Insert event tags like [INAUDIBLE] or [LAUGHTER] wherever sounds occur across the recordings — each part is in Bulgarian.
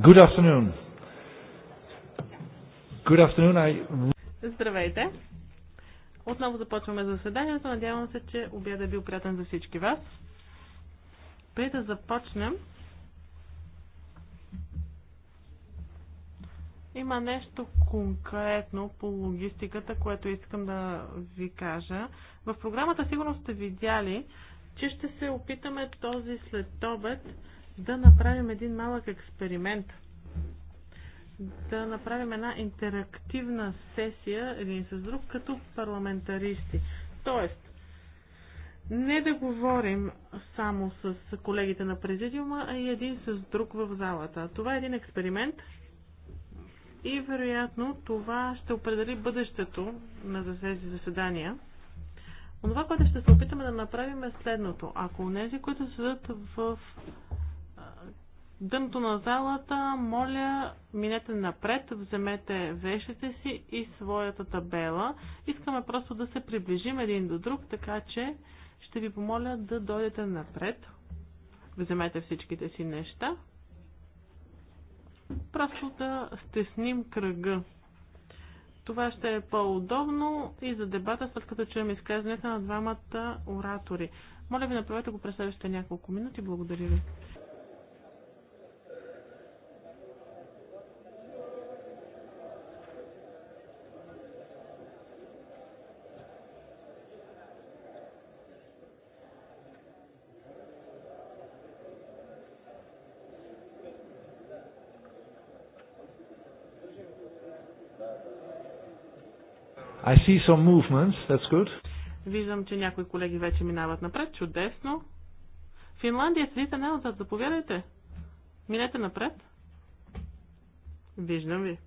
Good afternoon. Good afternoon. I... Здравейте. Отново започваме заседанието. Надявам се, че обядът е бил приятен за всички вас. Преди да започнем, има нещо конкретно по логистиката, което искам да ви кажа. В програмата сигурно сте видяли, че ще се опитаме този след обед да направим един малък експеримент. Да направим една интерактивна сесия един с друг като парламентаристи. Тоест, не да говорим само с колегите на президиума, а и един с друг в залата. Това е един експеримент и вероятно това ще определи бъдещето на тези заседания. Онова, което ще се опитаме да направим е следното. Ако тези, които седат в дъното на залата, моля, минете напред, вземете вещите си и своята табела. Искаме просто да се приближим един до друг, така че ще ви помоля да дойдете напред. Вземете всичките си неща. Просто да стесним кръга. Това ще е по-удобно и за дебата, след като чуем изказването на двамата оратори. Моля ви, направете го през следващите няколко минути. Благодаря ви. I see some movements. That's good. Виждам, че някои колеги вече минават напред. Чудесно. Финландия, седите не отзад. Заповядайте. Минете напред. Виждам ви.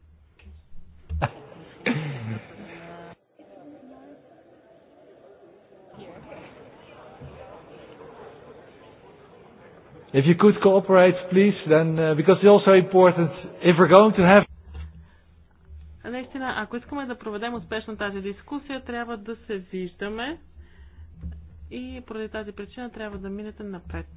If you could cooperate, please, then, uh, because it's also important, if we're going to have ако искаме да проведем успешно тази дискусия, трябва да се виждаме и поради тази причина трябва да минете напред.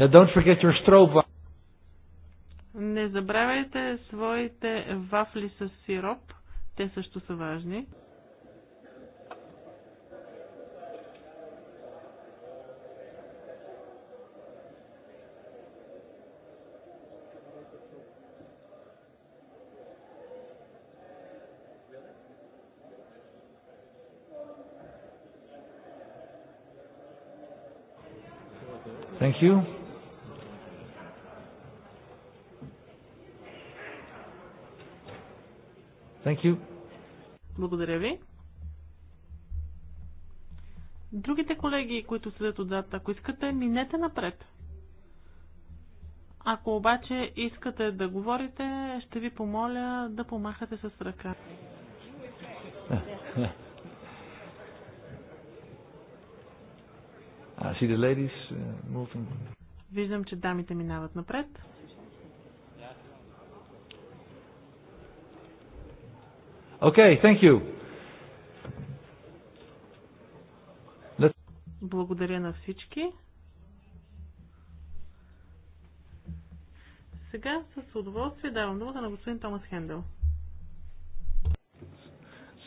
Yeah, don't forget your stroop. Не забравяйте своите вафли с сироп. Те също са важни. Thank you. Thank you. Благодаря ви. Другите колеги, които седят отзад, ако искате, минете напред. Ако обаче искате да говорите, ще ви помоля да помахате с ръка. [LAUGHS] Uh, Виждам, че дамите минават напред. Okay, thank you. Let's... Благодаря на всички. Сега с удоволствие давам думата на господин Томас Хендел.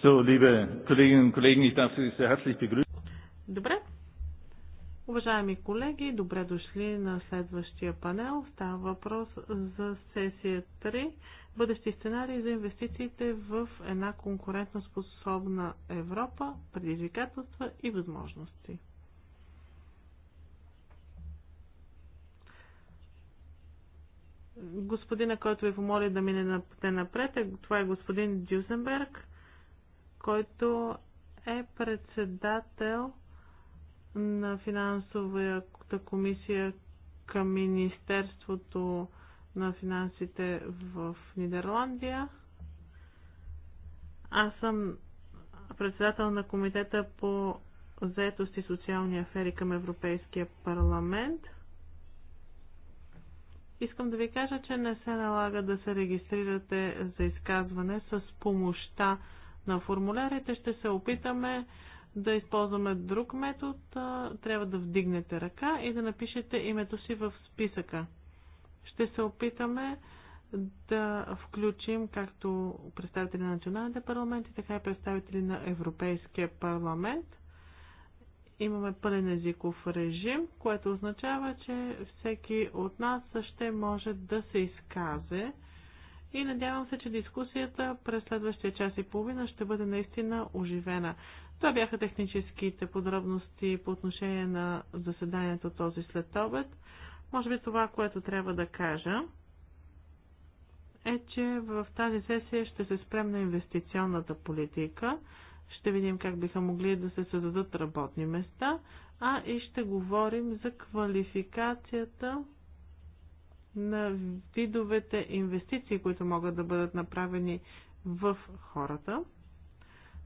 So, liebe Kolleginnen und Kollegen, ich darf Sie sehr herzlich begrüßen. Уважаеми колеги, добре дошли на следващия панел. Става въпрос за сесия 3. Бъдещи сценарии за инвестициите в една конкурентоспособна Европа, предизвикателства и възможности. Господина, който ви помоли да мине напред, е, това е господин Дюзенберг, който е председател на финансовата комисия към Министерството на финансите в Нидерландия. Аз съм председател на комитета по заетост и социални афери към Европейския парламент. Искам да ви кажа, че не се налага да се регистрирате за изказване с помощта на формулярите. Ще се опитаме да използваме друг метод, трябва да вдигнете ръка и да напишете името си в списъка. Ще се опитаме да включим както представители на националните парламенти, така и представители на Европейския парламент. Имаме пълен езиков режим, което означава, че всеки от нас ще може да се изказе и надявам се, че дискусията през следващия час и половина ще бъде наистина оживена. Това бяха техническите подробности по отношение на заседанието този след обед. Може би това, което трябва да кажа, е, че в тази сесия ще се спрем на инвестиционната политика, ще видим как биха могли да се създадат работни места, а и ще говорим за квалификацията на видовете инвестиции, които могат да бъдат направени в хората.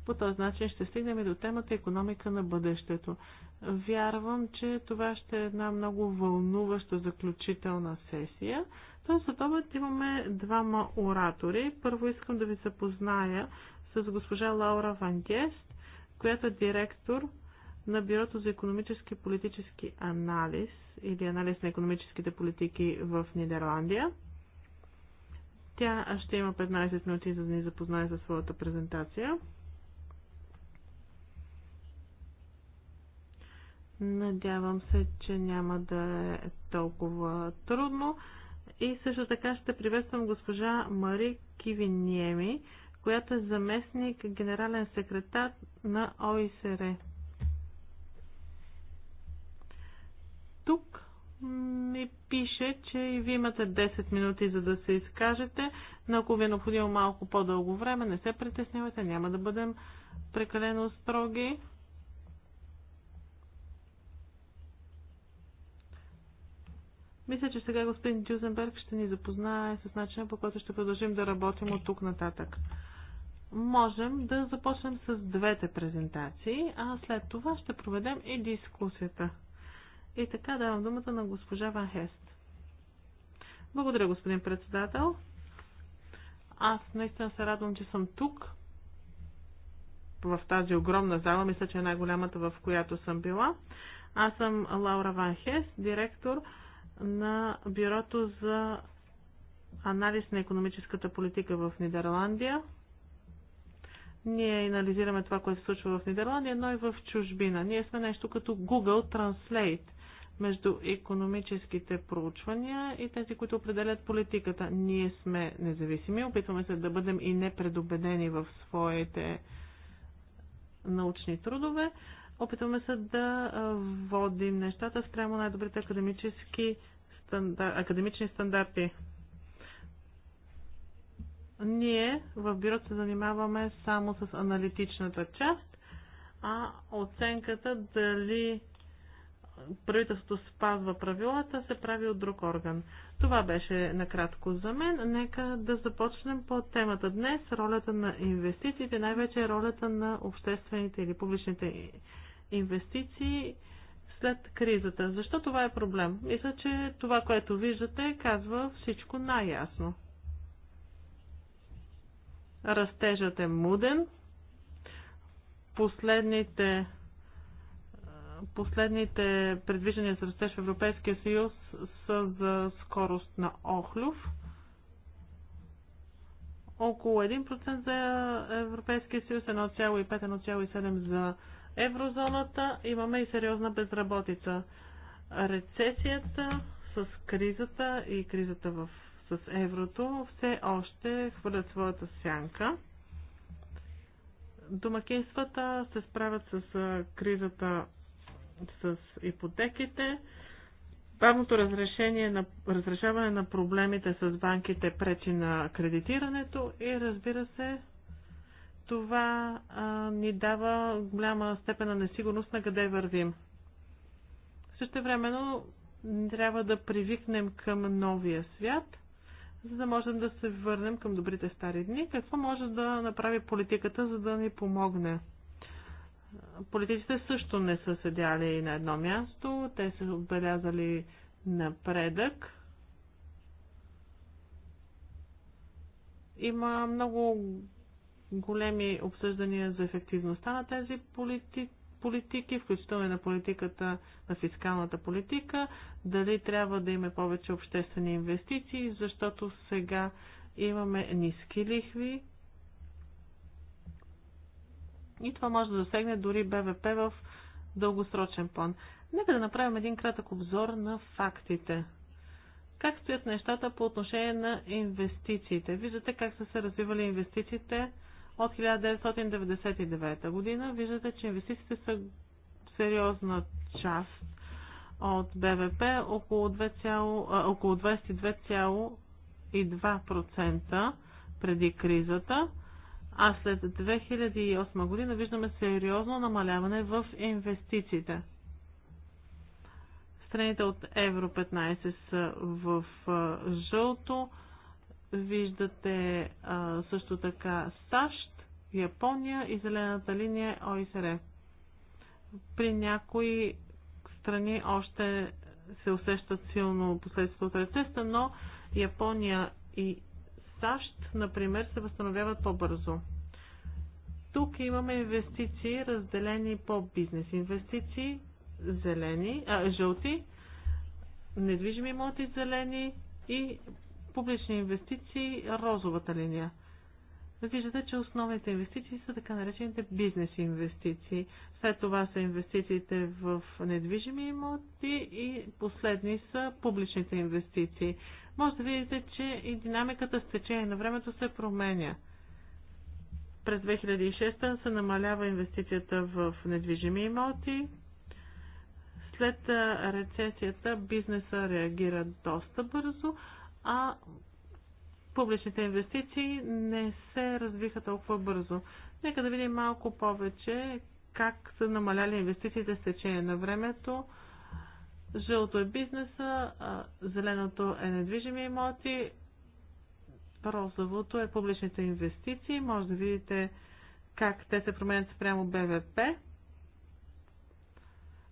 По този начин ще стигнем и до темата економика на бъдещето. Вярвам, че това ще е една много вълнуваща заключителна сесия. Тоест, за това имаме двама оратори. Първо искам да ви запозная с госпожа Лаура Вангест, която е директор на Бюрото за економически и политически анализ или анализ на економическите политики в Нидерландия. Тя ще има 15 минути за да ни запознае със своята презентация. Надявам се, че няма да е толкова трудно. И също така ще приветствам госпожа Мари Кивиниеми, която е заместник генерален секретар на ОИСР. Тук ми пише, че и ви имате 10 минути за да се изкажете, но ако ви е необходимо малко по-дълго време, не се притеснявайте, няма да бъдем прекалено строги. Мисля, че сега господин Дюзенберг ще ни запознае с начина по който ще продължим да работим от тук нататък. Можем да започнем с двете презентации, а след това ще проведем и дискусията. И така давам думата на госпожа Ван Хест. Благодаря, господин председател. Аз наистина се радвам, че съм тук. В тази огромна зала, мисля, че е най-голямата, в която съм била. Аз съм Лаура Ван Хест, директор на Бюрото за анализ на економическата политика в Нидерландия. Ние анализираме това, което се случва в Нидерландия, но и в чужбина. Ние сме нещо като Google Translate между економическите проучвания и тези, които определят политиката. Ние сме независими, опитваме се да бъдем и непредобедени в своите научни трудове, Опитваме се да водим нещата спрямо най-добрите академически стандар... академични стандарти. Ние в бюрото се занимаваме само с аналитичната част, а оценката дали правителството спазва правилата, се прави от друг орган. Това беше накратко за мен. Нека да започнем по темата днес. Ролята на инвестициите, най-вече ролята на обществените или публичните инвестиции след кризата. Защо това е проблем? Мисля, че това, което виждате, казва всичко най-ясно. Растежът е муден. Последните е, последните предвиждания за растеж в Европейския съюз са за скорост на Охлюв. Около 1% за Европейския съюз, 1,5-1,7% за еврозоната, имаме и сериозна безработица. Рецесията с кризата и кризата в, с еврото все още хвърлят своята сянка. Домакинствата се справят с кризата с ипотеките. Бавното разрешение на, разрешаване на проблемите с банките пречи на кредитирането и разбира се това а, ни дава голяма степен на несигурност на къде вървим. Също времено трябва да привикнем към новия свят, за да можем да се върнем към добрите стари дни. Какво може да направи политиката, за да ни помогне? Политиците също не са седяли на едно място, те са отбелязали напредък. Има много големи обсъждания за ефективността на тези политики политики, включително и на политиката, на фискалната политика, дали трябва да има повече обществени инвестиции, защото сега имаме ниски лихви и това може да засегне дори БВП в дългосрочен план. Нека да направим един кратък обзор на фактите. Как стоят нещата по отношение на инвестициите? Виждате как са се развивали инвестициите от 1999 година. Виждате, че инвестициите са сериозна част от БВП, около, 2, около 22,2% преди кризата, а след 2008 година виждаме сериозно намаляване в инвестициите. Страните от Евро 15 са в жълто, Виждате а, също така САЩ, Япония и зелената линия ОИСР. При някои страни още се усещат силно последствията от рецеста, но Япония и САЩ, например, се възстановяват по-бързо. Тук имаме инвестиции, разделени по бизнес. Инвестиции зелени, а, жълти, недвижими имоти зелени и публични инвестиции розовата линия. Виждате, че основните инвестиции са така наречените бизнес инвестиции. След това са инвестициите в недвижими имоти и последни са публичните инвестиции. Може да видите, че и динамиката с течение на времето се променя. През 2006 се намалява инвестицията в недвижими имоти. След рецесията бизнеса реагира доста бързо а публичните инвестиции не се развиха толкова бързо. Нека да видим малко повече как са намаляли инвестициите с течение на времето. Жълто е бизнеса, зеленото е недвижими имоти, розовото е публичните инвестиции. Може да видите как те се променят спрямо БВП.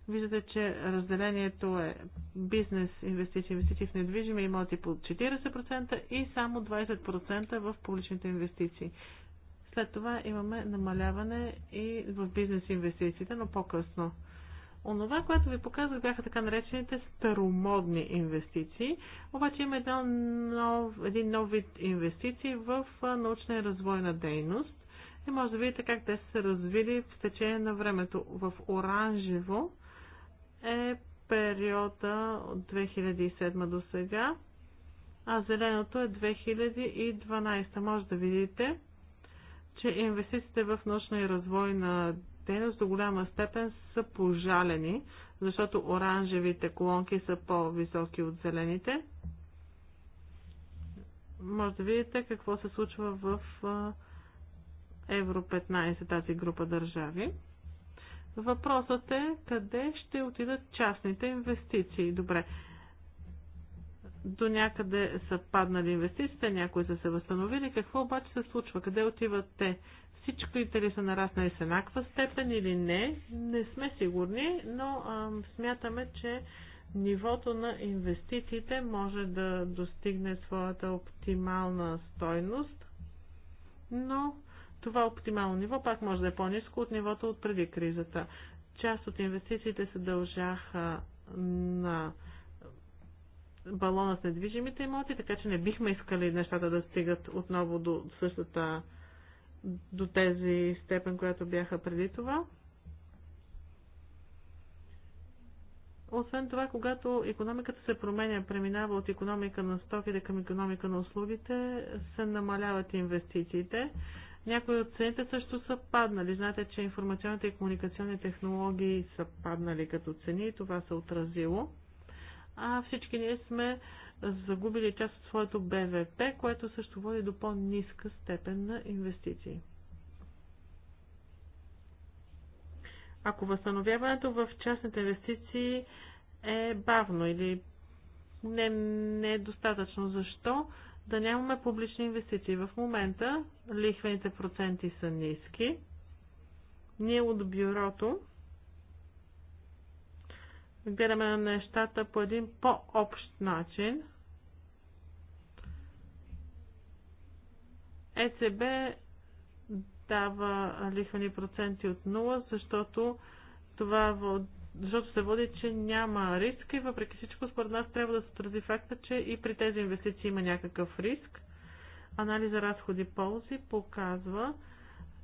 Виждате, че разделението е бизнес, инвестиции, инвестиции в недвижими имоти по 40% и само 20% в публичните инвестиции. След това имаме намаляване и в бизнес инвестициите, но по-късно. Онова, което ви показах, бяха така наречените старомодни инвестиции, обаче има един нов, един нов вид инвестиции в научна и развойна дейност. И е, може да видите как те са се развили в течение на времето в оранжево е периода от 2007 до сега, а зеленото е 2012. Може да видите, че инвестициите в научна и развойна дейност до голяма степен са пожалени, защото оранжевите колонки са по-високи от зелените. Може да видите какво се случва в Евро 15 тази група държави. Въпросът е къде ще отидат частните инвестиции. Добре. До някъде са паднали инвестициите, някои са се възстановили. Какво обаче се случва? Къде отиват те? Всичките ли са нараснали с еднаква степен или не? Не сме сигурни, но ам, смятаме, че нивото на инвестициите може да достигне своята оптимална стойност, но това оптимално ниво пак може да е по-низко от нивото от преди кризата. Част от инвестициите се дължаха на балона с недвижимите имоти, така че не бихме искали нещата да стигат отново до същата до тези степен, която бяха преди това. Освен това, когато економиката се променя, преминава от економика на стоките към економика на услугите, се намаляват инвестициите. Някои от цените също са паднали. Знаете, че информационните и комуникационни технологии са паднали като цени и това се отразило. А всички ние сме загубили част от своето БВП, което също води до по-ниска степен на инвестиции. Ако възстановяването в частните инвестиции е бавно или не, не е достатъчно, защо? да нямаме публични инвестиции. В момента лихвените проценти са ниски. Ние от бюрото гледаме на нещата по един по-общ начин. ЕЦБ дава лихвени проценти от 0, защото това защото се води, че няма риск и въпреки всичко според нас трябва да се отрази факта, че и при тези инвестиции има някакъв риск. Анализа разходи-ползи показва,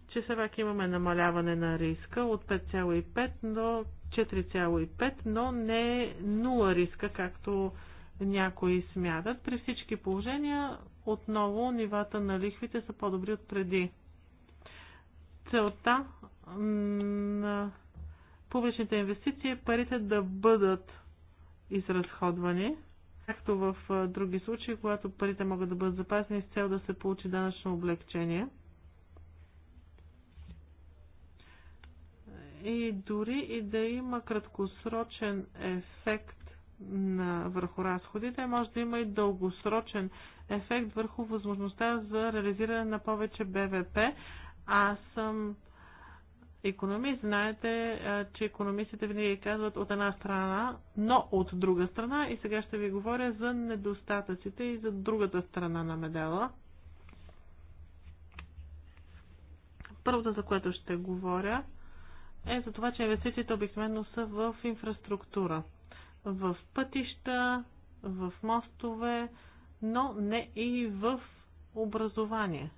че все пак имаме намаляване на риска от 5,5 до 4,5, но не е нула риска, както някои смятат. При всички положения отново нивата на лихвите са по-добри от преди. Целта на публичните инвестиции, парите да бъдат изразходвани, както в други случаи, когато парите могат да бъдат запазени с цел да се получи данъчно облегчение. И дори и да има краткосрочен ефект на, върху разходите, може да има и дългосрочен ефект върху възможността за реализиране на повече БВП. Аз съм економист, знаете, че економистите винаги казват от една страна, но от друга страна. И сега ще ви говоря за недостатъците и за другата страна на медала. Първото, за което ще говоря, е за това, че инвестициите обикновено са в инфраструктура. В пътища, в мостове, но не и в образование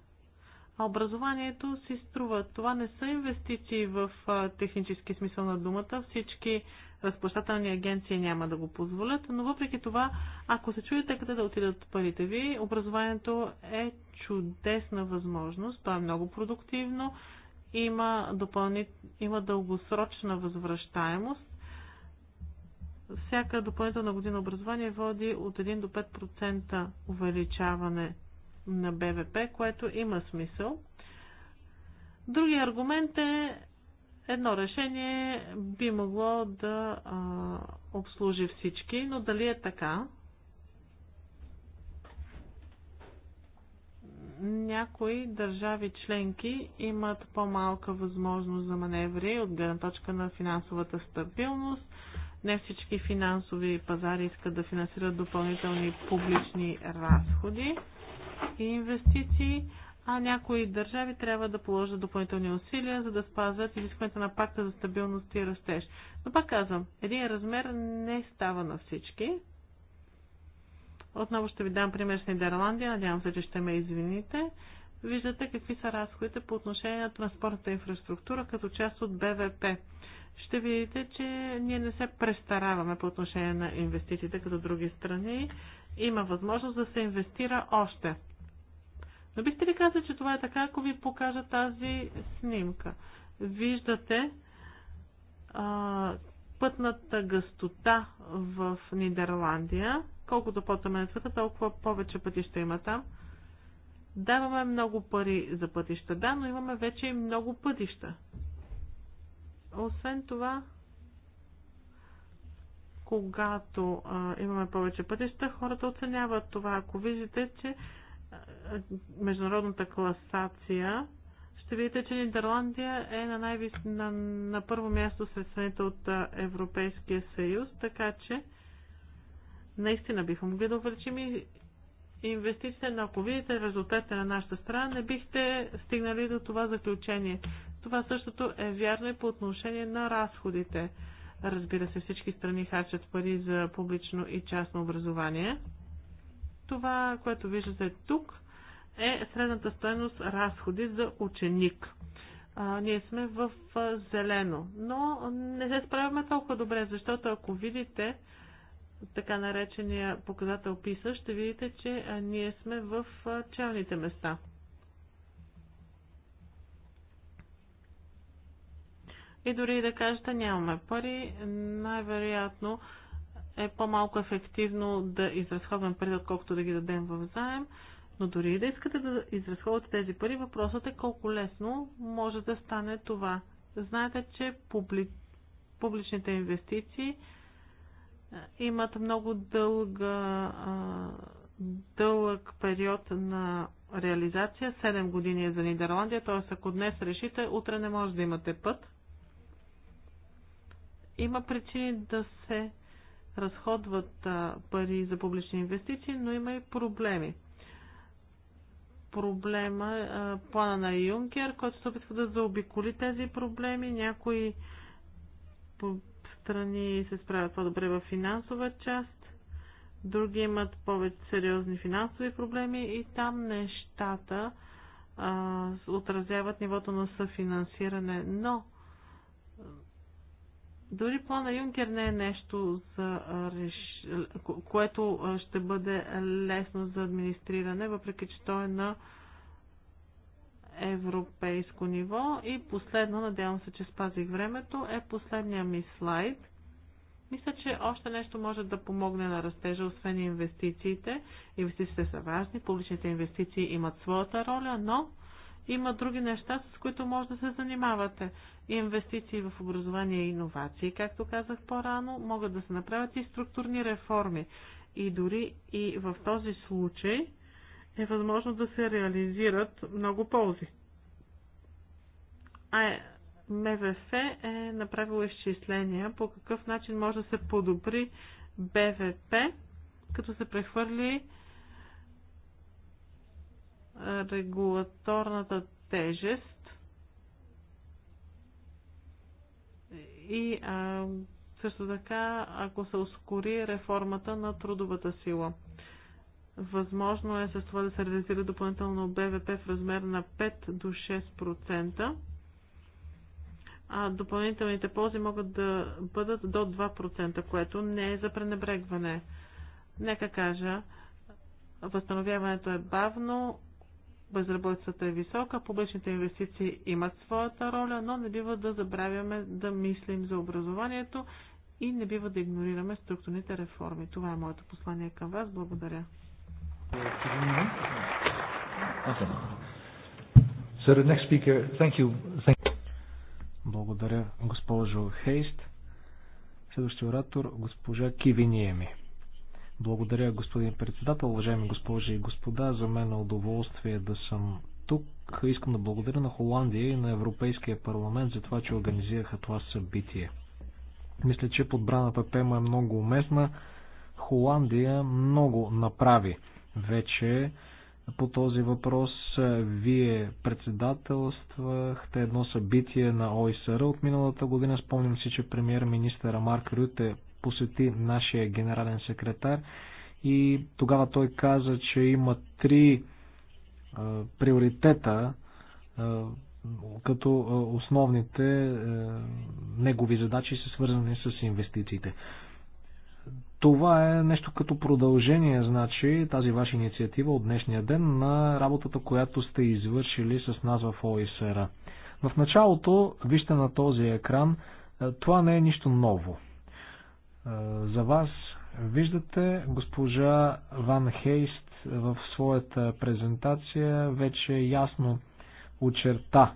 а образованието си струва. Това не са инвестиции в технически смисъл на думата. Всички разплащателни агенции няма да го позволят, но въпреки това, ако се чуете къде да отидат парите ви, образованието е чудесна възможност. То е много продуктивно, има, допълни... има дългосрочна възвръщаемост. Всяка допълнителна година образование води от 1 до 5% увеличаване на БВП, което има смисъл. Другия аргумент е едно решение би могло да а, обслужи всички, но дали е така? Някои държави членки имат по-малка възможност за маневри от гледна точка на финансовата стабилност. Не всички финансови пазари искат да финансират допълнителни публични разходи и инвестиции, а някои държави трябва да положат допълнителни усилия, за да спазват изискването на пакта за стабилност и растеж. Но пак казвам, един размер не става на всички. Отново ще ви дам пример с Нидерландия, надявам се, че ще ме извините. Виждате какви са разходите по отношение на транспортната инфраструктура като част от БВП. Ще видите, че ние не се престараваме по отношение на инвестициите като други страни. Има възможност да се инвестира още. Но бихте ли казали, че това е така, ако ви покажа тази снимка? Виждате а, пътната гъстота в Нидерландия. Колкото по-тъмен е света, толкова повече пътища има там. Даваме много пари за пътища, да, но имаме вече и много пътища. Освен това, когато а, имаме повече пътища, хората оценяват това. Ако виждате, че международната класация, ще видите, че Нидерландия е на, на, на първо място сред страните от Европейския съюз, така че наистина бихме могли да увеличим и инвестициите, но ако видите резултатите на нашата страна, не бихте стигнали до това заключение. Това същото е вярно и по отношение на разходите. Разбира се, всички страни харчат пари за публично и частно образование това, което виждате тук, е средната стоеност разходи за ученик. А, ние сме в зелено, но не се справяме толкова добре, защото ако видите така наречения показател ПИСА, ще видите, че ние сме в челните места. И дори да кажете нямаме пари, най-вероятно е по-малко ефективно да изразходвам пари, отколкото да ги дадем в заем. Но дори и да искате да изразходвате тези пари, въпросът е колко лесно може да стане това. Знаете, че публи... публичните инвестиции имат много дълга, дълъг период на реализация. 7 години е за Нидерландия, т.е. ако днес решите, утре не може да имате път. Има причини да се разходват пари за публични инвестиции, но има и проблеми. Проблема, плана на Юнкер, който се опитва да заобиколи тези проблеми. Някои страни се справят по-добре в финансова част, други имат повече сериозни финансови проблеми и там нещата а, отразяват нивото на съфинансиране. Но дори плана Юнкер не е нещо, за, което ще бъде лесно за администриране, въпреки че той е на европейско ниво. И последно, надявам се, че спазих времето, е последния ми слайд. Мисля, че още нещо може да помогне на растежа, освен инвестициите. Инвестициите са важни, публичните инвестиции имат своята роля, но има други неща, с които може да се занимавате инвестиции в образование и иновации, както казах по-рано, могат да се направят и структурни реформи. И дори и в този случай е възможно да се реализират много ползи. А е, МВФ е направило изчисления по какъв начин може да се подобри БВП, като се прехвърли е, регулаторната тежест и а, също така, ако се ускори реформата на трудовата сила. Възможно е с това да се реализира допълнително БВП в размер на 5 до 6%, а допълнителните ползи могат да бъдат до 2%, което не е за пренебрегване. Нека кажа, възстановяването е бавно, безработицата е висока, публичните инвестиции имат своята роля, но не бива да забравяме да мислим за образованието и не бива да игнорираме структурните реформи. Това е моето послание към вас. Благодаря. Благодаря, госпожо Хейст. Следващия оратор, госпожа Кивиниеми. Благодаря, господин председател, уважаеми госпожи и господа. За мен е удоволствие да съм тук. Искам да благодаря на Холандия и на Европейския парламент за това, че организираха това събитие. Мисля, че подбраната тема е много уместна. Холандия много направи вече по този въпрос. Вие председателствахте едно събитие на ОИСР от миналата година. Спомням си, че премьер-министъра Марк Рюте посети нашия генерален секретар и тогава той каза, че има три а, е, приоритета а, е, като е, основните а, негови задачи са свързани с инвестициите. Това е нещо като продължение, значи, тази ваша инициатива от днешния ден на работата, която сте извършили с нас в ОИСР. В началото, вижте на този екран, това не е нищо ново за вас. Виждате, госпожа Ван Хейст в своята презентация вече ясно очерта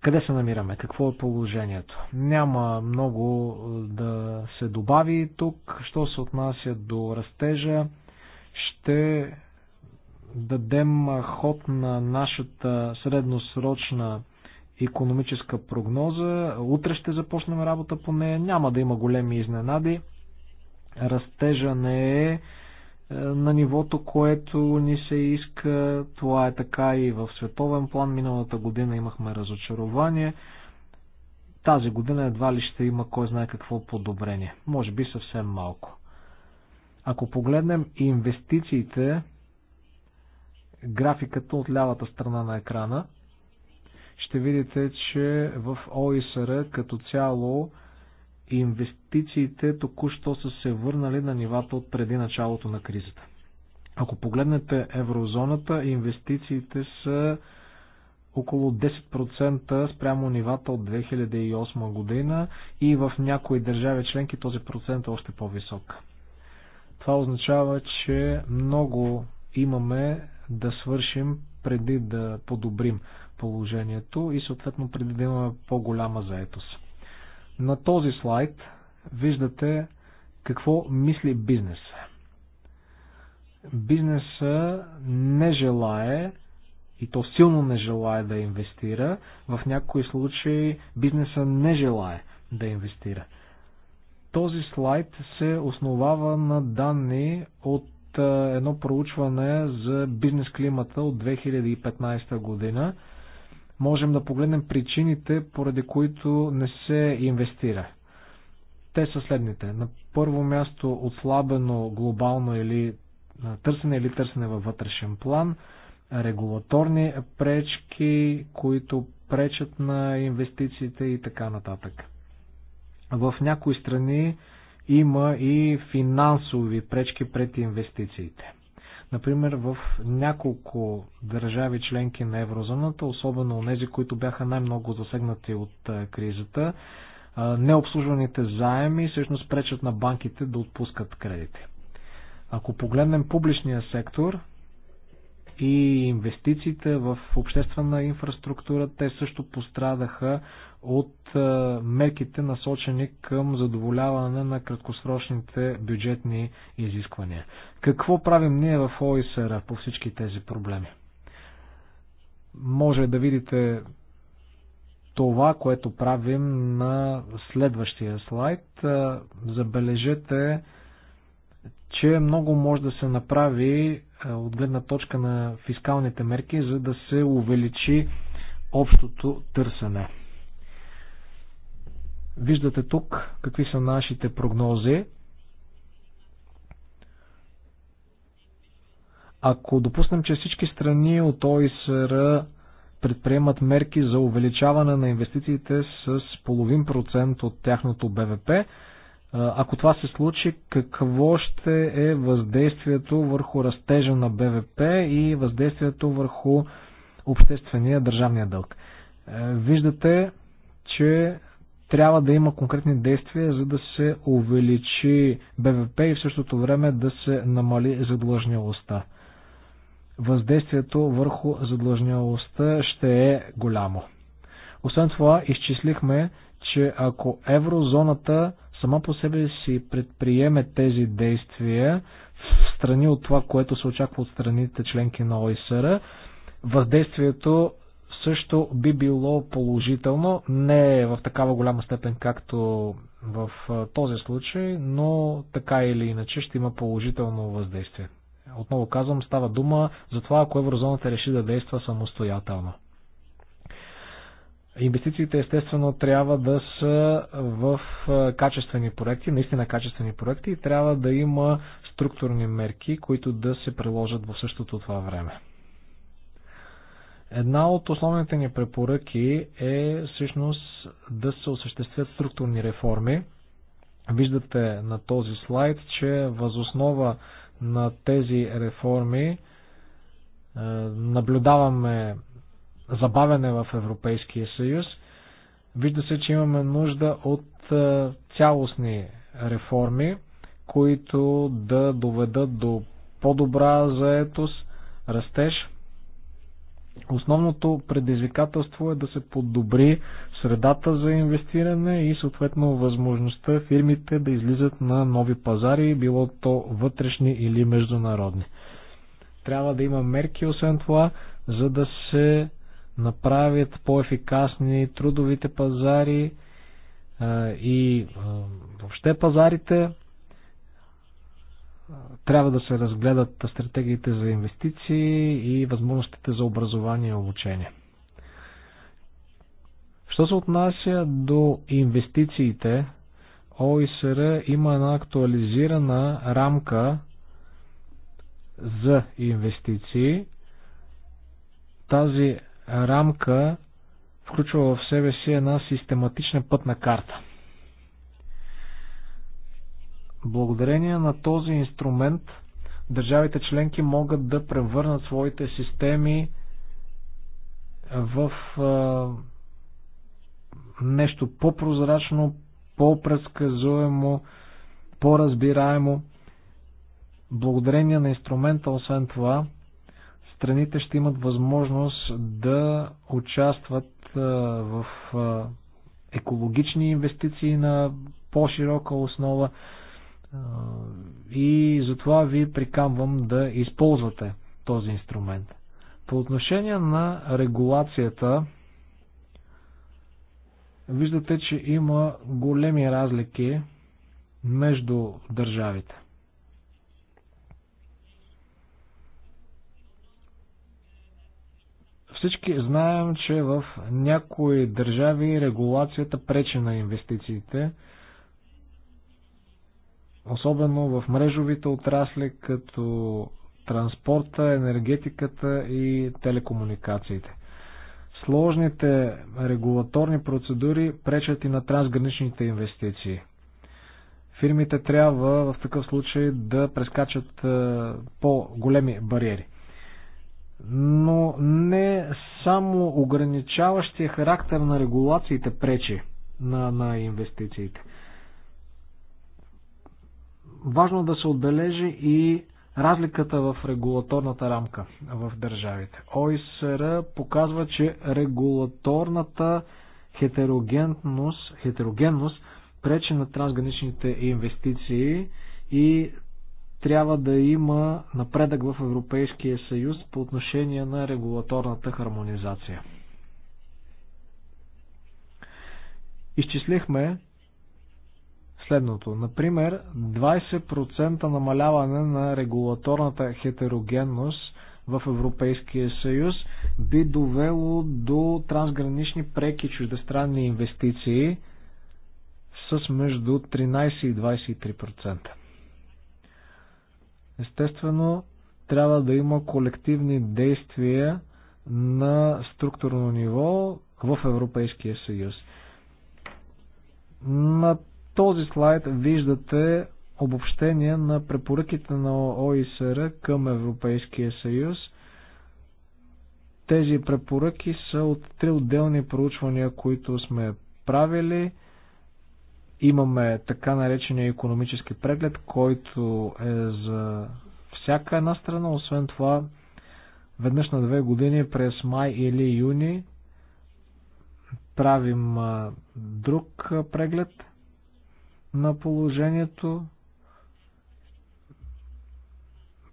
къде се намираме, какво е положението. Няма много да се добави тук, що се отнася до растежа. Ще дадем ход на нашата средносрочна економическа прогноза. Утре ще започнем работа по нея. Няма да има големи изненади. Растежа не е, е на нивото, което ни се иска. Това е така и в световен план. Миналата година имахме разочарование. Тази година едва ли ще има кой знае какво подобрение. Може би съвсем малко. Ако погледнем инвестициите, графиката от лявата страна на екрана, ще видите, че в ОИСР като цяло инвестициите току-що са се върнали на нивата от преди началото на кризата. Ако погледнете еврозоната, инвестициите са около 10% спрямо нивата от 2008 година и в някои държави членки този процент е още по-висок. Това означава, че много имаме да свършим преди да подобрим положението и съответно предвидима по-голяма заетост. На този слайд виждате какво мисли бизнеса. Бизнеса не желае и то силно не желае да инвестира. В някои случаи бизнеса не желае да инвестира. Този слайд се основава на данни от едно проучване за бизнес климата от 2015 година можем да погледнем причините, поради които не се инвестира. Те са следните. На първо място отслабено глобално или търсене или търсене във вътрешен план, регулаторни пречки, които пречат на инвестициите и така нататък. В някои страни има и финансови пречки пред инвестициите. Например, в няколко държави членки на еврозоната, особено тези, нези, които бяха най-много засегнати от кризата, необслужваните заеми всъщност пречат на банките да отпускат кредити. Ако погледнем публичния сектор и инвестициите в обществена инфраструктура, те също пострадаха от е, мерките насочени към задоволяване на краткосрочните бюджетни изисквания. Какво правим ние в ОИСР по всички тези проблеми? Може да видите това, което правим на следващия слайд. Е, забележете, че много може да се направи е, от гледна точка на фискалните мерки, за да се увеличи общото търсене. Виждате тук какви са нашите прогнози. Ако допуснем, че всички страни от ОИСР предприемат мерки за увеличаване на инвестициите с половин процент от тяхното БВП, ако това се случи, какво ще е въздействието върху растежа на БВП и въздействието върху обществения държавния дълг? Е, виждате, че трябва да има конкретни действия, за да се увеличи БВП и в същото време да се намали задлъжнялостта. Въздействието върху задлъжнялостта ще е голямо. Освен това, изчислихме, че ако еврозоната сама по себе си предприеме тези действия в страни от това, което се очаква от страните членки на ОИСР, въздействието също би било положително, не е в такава голяма степен както в този случай, но така или иначе ще има положително въздействие. Отново казвам, става дума за това, ако еврозоната реши да действа самостоятелно. Инвестициите естествено трябва да са в качествени проекти, наистина качествени проекти и трябва да има структурни мерки, които да се приложат в същото това време. Една от основните ни препоръки е всъщност да се осъществят структурни реформи. Виждате на този слайд, че възоснова на тези реформи е, наблюдаваме забавяне в Европейския съюз. Вижда се, че имаме нужда от е, цялостни реформи, които да доведат до по-добра заетост, растеж – Основното предизвикателство е да се подобри средата за инвестиране и съответно възможността фирмите да излизат на нови пазари, било то вътрешни или международни. Трябва да има мерки, освен това, за да се направят по-ефикасни трудовите пазари и въобще пазарите трябва да се разгледат стратегиите за инвестиции и възможностите за образование и обучение. Що се отнася до инвестициите, ОИСР има една актуализирана рамка за инвестиции. Тази рамка включва в себе си една систематична пътна карта – Благодарение на този инструмент държавите членки могат да превърнат своите системи в нещо по-прозрачно, по-предсказуемо, по-разбираемо. Благодарение на инструмента, освен това, страните ще имат възможност да участват в екологични инвестиции на по-широка основа и затова ви прикамвам да използвате този инструмент. По отношение на регулацията, виждате, че има големи разлики между държавите. Всички знаем, че в някои държави регулацията пречи на инвестициите, особено в мрежовите отрасли, като транспорта, енергетиката и телекомуникациите. Сложните регулаторни процедури пречат и на трансграничните инвестиции. Фирмите трябва в такъв случай да прескачат е, по-големи бариери. Но не само ограничаващия характер на регулациите пречи на, на инвестициите. Важно да се отбележи и разликата в регулаторната рамка в държавите. ОИСР показва, че регулаторната хетерогенност, хетерогенност пречи на трансграничните инвестиции и трябва да има напредък в Европейския съюз по отношение на регулаторната хармонизация. Изчислихме, следното. Например, 20% намаляване на регулаторната хетерогенност в Европейския съюз би довело до трансгранични преки чуждестранни инвестиции с между 13 и 23%. Естествено, трябва да има колективни действия на структурно ниво в Европейския съюз. На този слайд виждате обобщение на препоръките на ОИСР към Европейския съюз. Тези препоръки са от три отделни проучвания, които сме правили. Имаме така наречения економически преглед, който е за всяка една страна. Освен това, веднъж на две години през май или юни правим друг преглед – на положението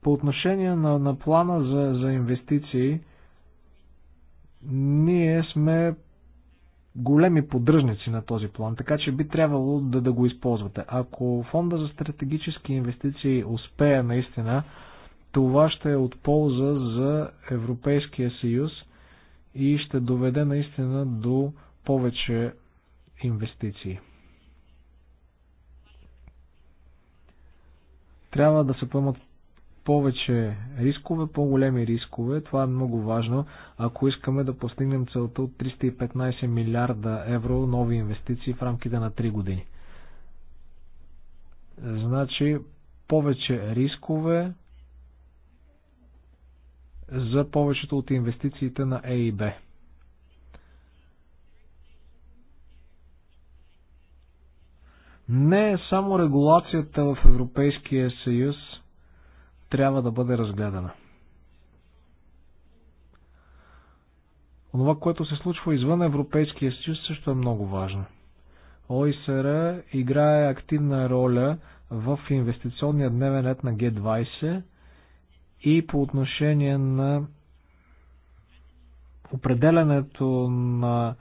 по отношение на, на плана за, за инвестиции, ние сме големи поддръжници на този план, така че би трябвало да, да го използвате. Ако фонда за стратегически инвестиции успее наистина, това ще е от полза за Европейския съюз и ще доведе наистина до повече инвестиции. Трябва да се поемат повече рискове, по-големи рискове. Това е много важно, ако искаме да постигнем целта от 315 милиарда евро нови инвестиции в рамките на 3 години. Значи повече рискове за повечето от инвестициите на ЕИБ. Не само регулацията в Европейския съюз трябва да бъде разгледана. Онова, което се случва извън Европейския съюз, също е много важно. ОИСР играе активна роля в инвестиционния дневен ред на Г20 и по отношение на определенето на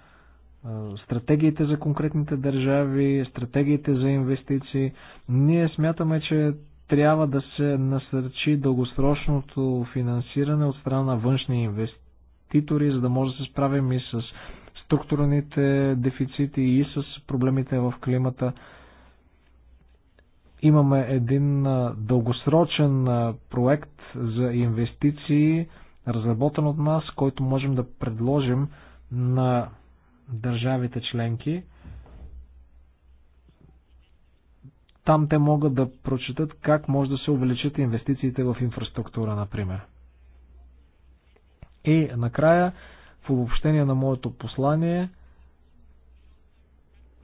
стратегиите за конкретните държави, стратегиите за инвестиции. Ние смятаме, че трябва да се насърчи дългосрочното финансиране от страна на външни инвеститори, за да може да се справим и с структурните дефицити и с проблемите в климата. Имаме един дългосрочен проект за инвестиции, разработен от нас, който можем да предложим на държавите членки. Там те могат да прочитат как може да се увеличат инвестициите в инфраструктура, например. И накрая, в обобщение на моето послание,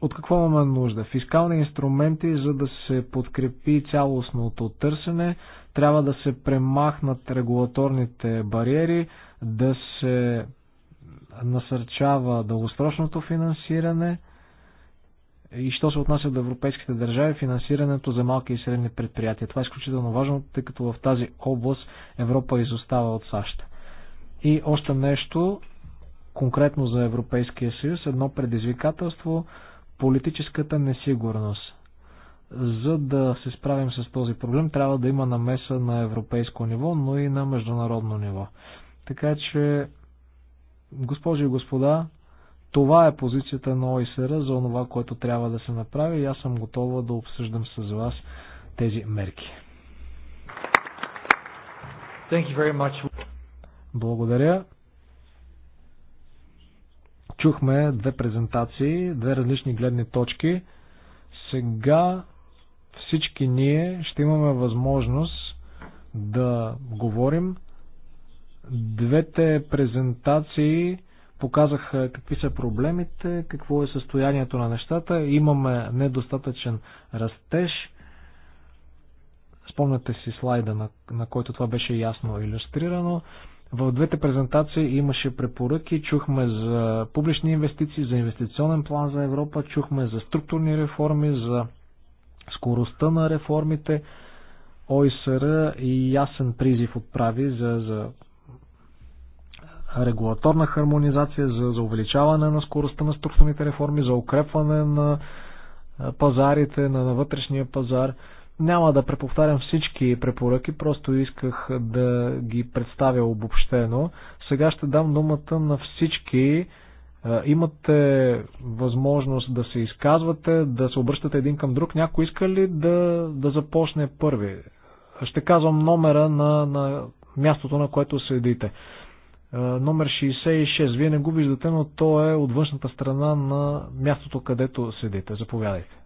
от какво имаме нужда? Фискални инструменти, за да се подкрепи цялостното търсене, трябва да се премахнат регулаторните бариери, да се насърчава дългосрочното финансиране и що се отнася до европейските държави, финансирането за малки и средни предприятия. Това е изключително важно, тъй като в тази област Европа изостава от САЩ. И още нещо, конкретно за Европейския съюз, едно предизвикателство политическата несигурност. За да се справим с този проблем, трябва да има намеса на европейско ниво, но и на международно ниво. Така че Госпожи и господа, това е позицията на ОИСР за това, което трябва да се направи и аз съм готова да обсъждам с вас тези мерки. Thank you very much. Благодаря. Чухме две презентации, две различни гледни точки. Сега всички ние ще имаме възможност да говорим Двете презентации показаха какви са проблемите, какво е състоянието на нещата. Имаме недостатъчен растеж. Спомняте си слайда, на, на който това беше ясно иллюстрирано. В двете презентации имаше препоръки, чухме за публични инвестиции, за инвестиционен план за Европа, чухме за структурни реформи, за скоростта на реформите. ОИСР и ясен призив отправи за, за регулаторна хармонизация, за, за увеличаване на скоростта на структурните реформи, за укрепване на пазарите, на, на вътрешния пазар. Няма да преповтарям всички препоръки, просто исках да ги представя обобщено. Сега ще дам думата на всички. Имате възможност да се изказвате, да се обръщате един към друг. Някой иска ли да, да започне първи? Ще казвам номера на, на мястото, на което седите номер 66. Вие не го виждате, но то е от външната страна на мястото, където седите. Заповядайте.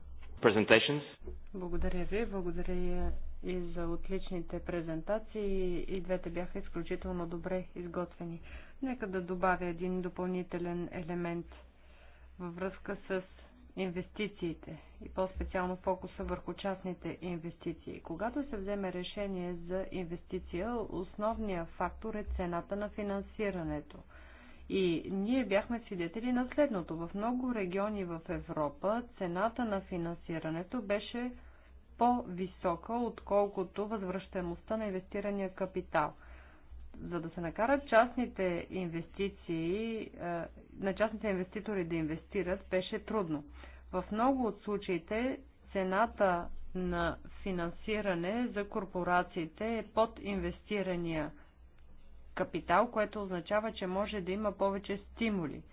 Благодаря ви. Благодаря и за отличните презентации. И двете бяха изключително добре изготвени. Нека да добавя един допълнителен елемент във връзка с инвестициите и по-специално фокуса върху частните инвестиции. Когато се вземе решение за инвестиция, основният фактор е цената на финансирането. И ние бяхме свидетели на следното. В много региони в Европа цената на финансирането беше по-висока, отколкото възвръщаемостта на инвестирания капитал – за да се накарат частните инвестиции, е, на частните инвеститори да инвестират, беше трудно. В много от случаите цената на финансиране за корпорациите е под инвестирания капитал, което означава, че може да има повече стимули –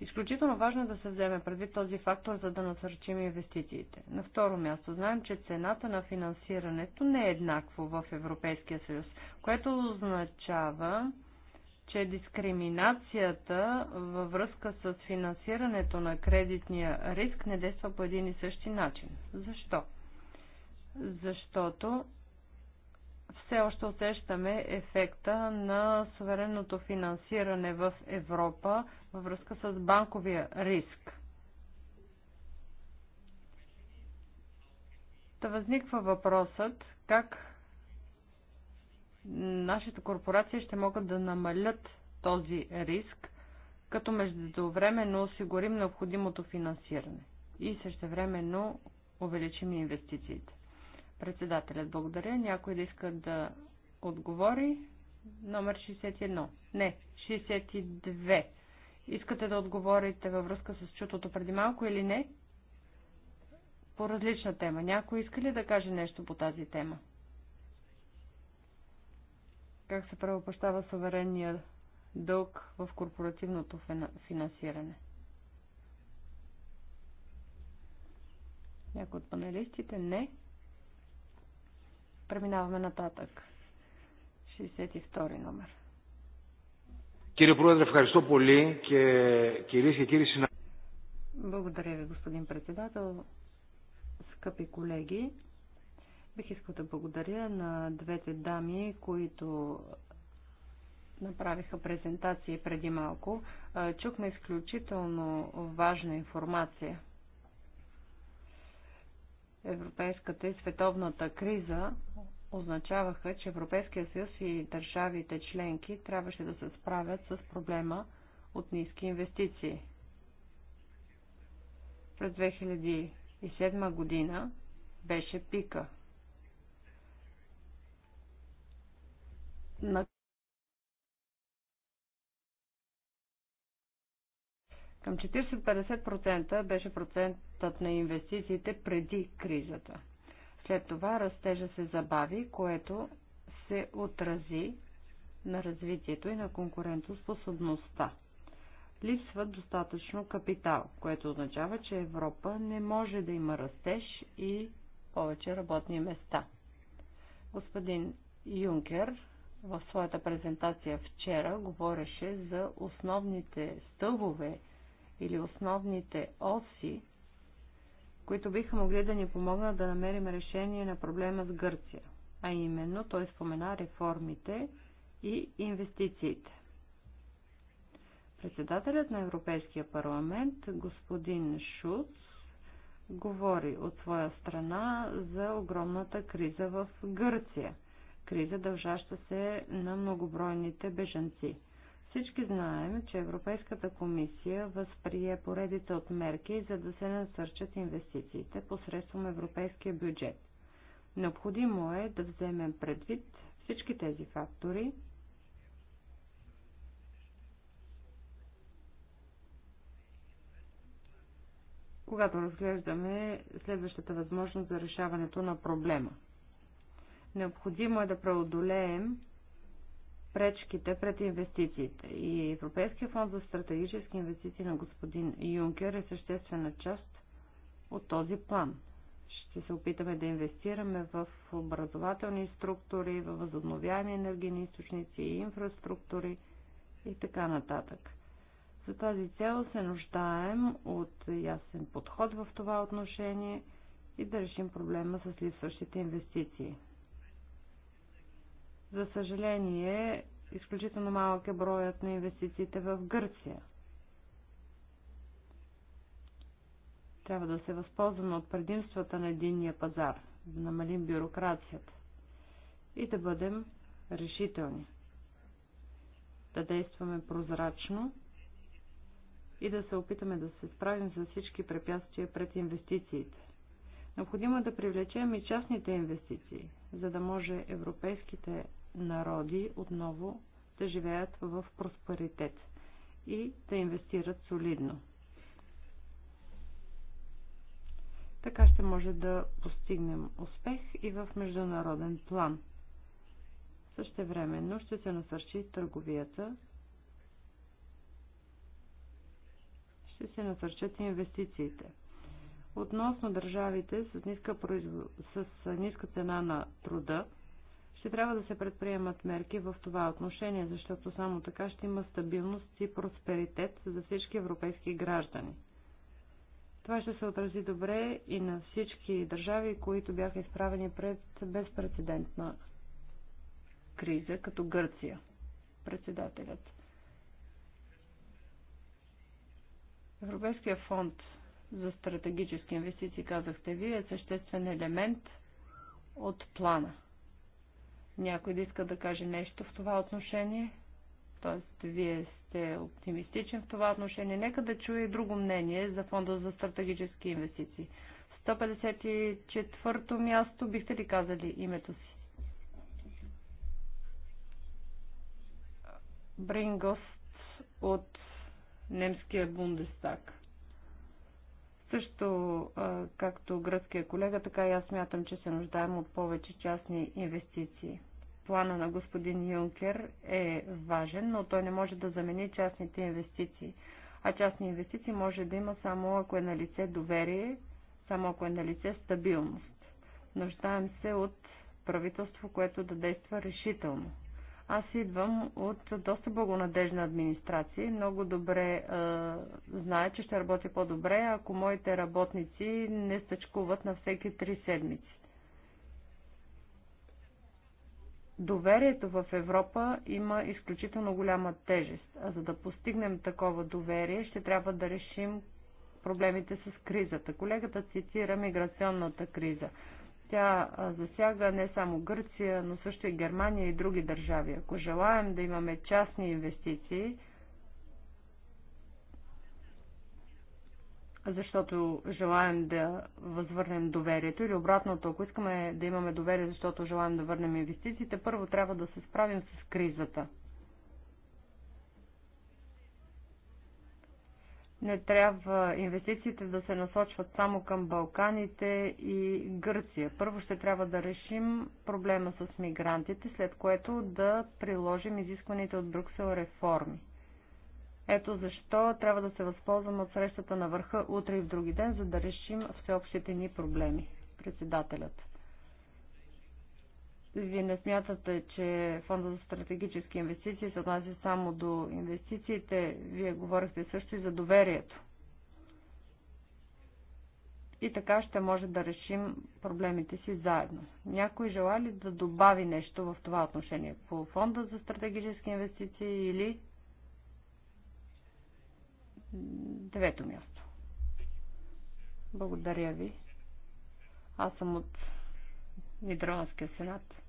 Изключително важно е да се вземе предвид този фактор, за да насърчим инвестициите. На второ място, знаем, че цената на финансирането не е еднакво в Европейския съюз, което означава, че дискриминацията във връзка с финансирането на кредитния риск не действа по един и същи начин. Защо? Защото все още усещаме ефекта на суверенното финансиране в Европа във връзка с банковия риск. Та възниква въпросът как нашите корпорации ще могат да намалят този риск, като междувременно осигурим необходимото финансиране и същевременно увеличим инвестициите. Председателят, благодаря. Някой да иска да отговори? Номер 61. Не, 62. Искате да отговорите във връзка с чутото преди малко или не? По различна тема. Някой иска ли да каже нещо по тази тема? Как се правопощава суверенния дълг в корпоративното финансиране? Някой от панелистите? Не. Преминаваме нататък. 62 номер. Κύριε Πρόεδρε, ευχαριστώ πολύ και κυρίε και κύριοι συνάδελφοι. Благодаря ви, господин председател. Скъпи колеги, бих искал да благодаря на двете дами, които направиха презентации преди малко. Чухме изключително важна информация. Европейската и световната криза означаваха, че Европейския съюз и държавите членки трябваше да се справят с проблема от ниски инвестиции. През 2007 година беше пика. На Към 40-50% беше процентът на инвестициите преди кризата. След това растежа се забави, което се отрази на развитието и на конкурентоспособността. Липсва достатъчно капитал, което означава, че Европа не може да има растеж и повече работни места. Господин Юнкер в своята презентация вчера говореше за основните стълбове или основните оси които биха могли да ни помогнат да намерим решение на проблема с Гърция. А именно той спомена реформите и инвестициите. Председателят на Европейския парламент, господин Шуц, говори от своя страна за огромната криза в Гърция. Криза дължаща се на многобройните бежанци. Всички знаем, че Европейската комисия възприе поредица от мерки, за да се насърчат инвестициите посредством европейския бюджет. Необходимо е да вземем предвид всички тези фактори, когато разглеждаме следващата възможност за решаването на проблема. Необходимо е да преодолеем пречките пред инвестициите. И Европейския фонд за стратегически инвестиции на господин Юнкер е съществена част от този план. Ще се опитаме да инвестираме в образователни структури, в възобновяеми енергийни източници и инфраструктури и така нататък. За тази цел се нуждаем от ясен подход в това отношение и да решим проблема с липсващите инвестиции. За съжаление, изключително малък е броят на инвестициите в Гърция. Трябва да се възползваме от предимствата на единния пазар, да намалим бюрокрацията и да бъдем решителни. Да действаме прозрачно и да се опитаме да се справим с всички препятствия пред инвестициите. Необходимо е да привлечем и частните инвестиции за да може европейските народи отново да живеят в проспаритет и да инвестират солидно. Така ще може да постигнем успех и в международен план. Същевременно ще се насърчи търговията, ще се насърчат инвестициите. Относно държавите с ниска, произво... с ниска цена на труда, ще трябва да се предприемат мерки в това отношение, защото само така ще има стабилност и просперитет за всички европейски граждани. Това ще се отрази добре и на всички държави, които бяха изправени пред безпредседентна криза, като Гърция, председателят. Европейския фонд за стратегически инвестиции, казахте вие, е съществен елемент от плана. Някой да иска да каже нещо в това отношение? Тоест, вие сте оптимистичен в това отношение. Нека да чуя и друго мнение за фонда за стратегически инвестиции. 154-то място, бихте ли казали името си? Брингост от немския Бундестаг. Също както гръцкия колега, така и аз смятам, че се нуждаем от повече частни инвестиции. Плана на господин Юнкер е важен, но той не може да замени частните инвестиции. А частни инвестиции може да има само ако е на лице доверие, само ако е на лице стабилност. Нуждаем се от правителство, което да действа решително. Аз идвам от доста благонадежна администрация. Много добре е, знае, че ще работя по-добре, ако моите работници не стъчкуват на всеки три седмици. Доверието в Европа има изключително голяма тежест, а за да постигнем такова доверие, ще трябва да решим проблемите с кризата. Колегата цитира миграционната криза. Тя засяга не само Гърция, но също и Германия и други държави. Ако желаем да имаме частни инвестиции, защото желаем да възвърнем доверието или обратното, ако искаме да имаме доверие, защото желаем да върнем инвестициите, първо трябва да се справим с кризата. Не трябва инвестициите да се насочват само към Балканите и Гърция. Първо ще трябва да решим проблема с мигрантите, след което да приложим изискваните от Брюксел реформи. Ето защо трябва да се възползваме от срещата на върха утре и в други ден, за да решим всеобщите ни проблеми. Председателят. Вие не смятате, че Фонда за стратегически инвестиции се отнася само до инвестициите. Вие говорихте също и за доверието. И така ще може да решим проблемите си заедно. Някой желая ли да добави нещо в това отношение по Фонда за стратегически инвестиции или девето място? Благодаря ви. Аз съм от Нидерландския сенат.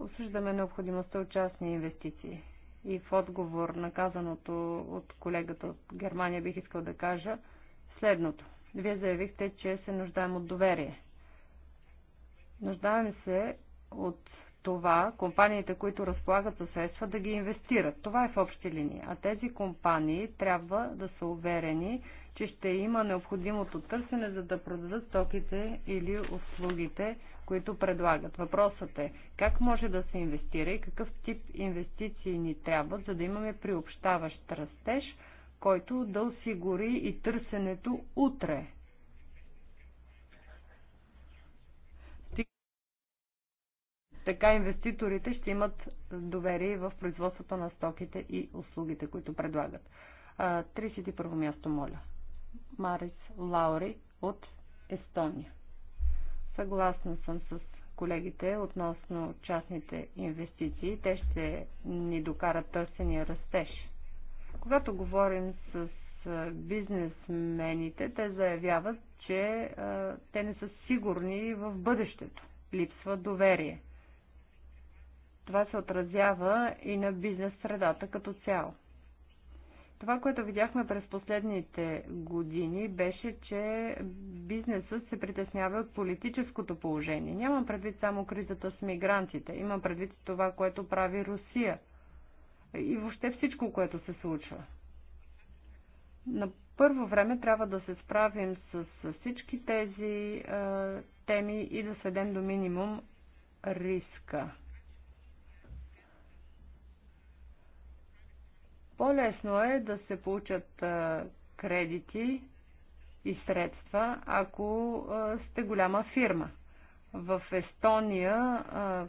Осъждаме необходимостта от частни инвестиции. И в отговор на казаното от колегата от Германия бих искал да кажа следното. Вие заявихте, че се нуждаем от доверие. Нуждаем се от това компаниите, които разполагат със средства, да ги инвестират. Това е в общи линии. А тези компании трябва да са уверени, че ще има необходимото търсене, за да продадат стоките или услугите които предлагат. Въпросът е как може да се инвестира и какъв тип инвестиции ни трябва, за да имаме приобщаващ растеж, който да осигури и търсенето утре. Така инвеститорите ще имат доверие в производството на стоките и услугите, които предлагат. 31 място, моля. Марис Лаури от Естония. Съгласна съм с колегите относно частните инвестиции. Те ще ни докарат търсения растеж. Когато говорим с бизнесмените, те заявяват, че те не са сигурни в бъдещето. Липсва доверие. Това се отразява и на бизнес средата като цяло. Това, което видяхме през последните години, беше, че бизнесът се притеснява от политическото положение. Нямам предвид само кризата с мигрантите, имам предвид това, което прави Русия и въобще всичко, което се случва. На първо време трябва да се справим с, с всички тези е, теми и да сведем до минимум риска. По-лесно е да се получат кредити и средства, ако сте голяма фирма. В Естония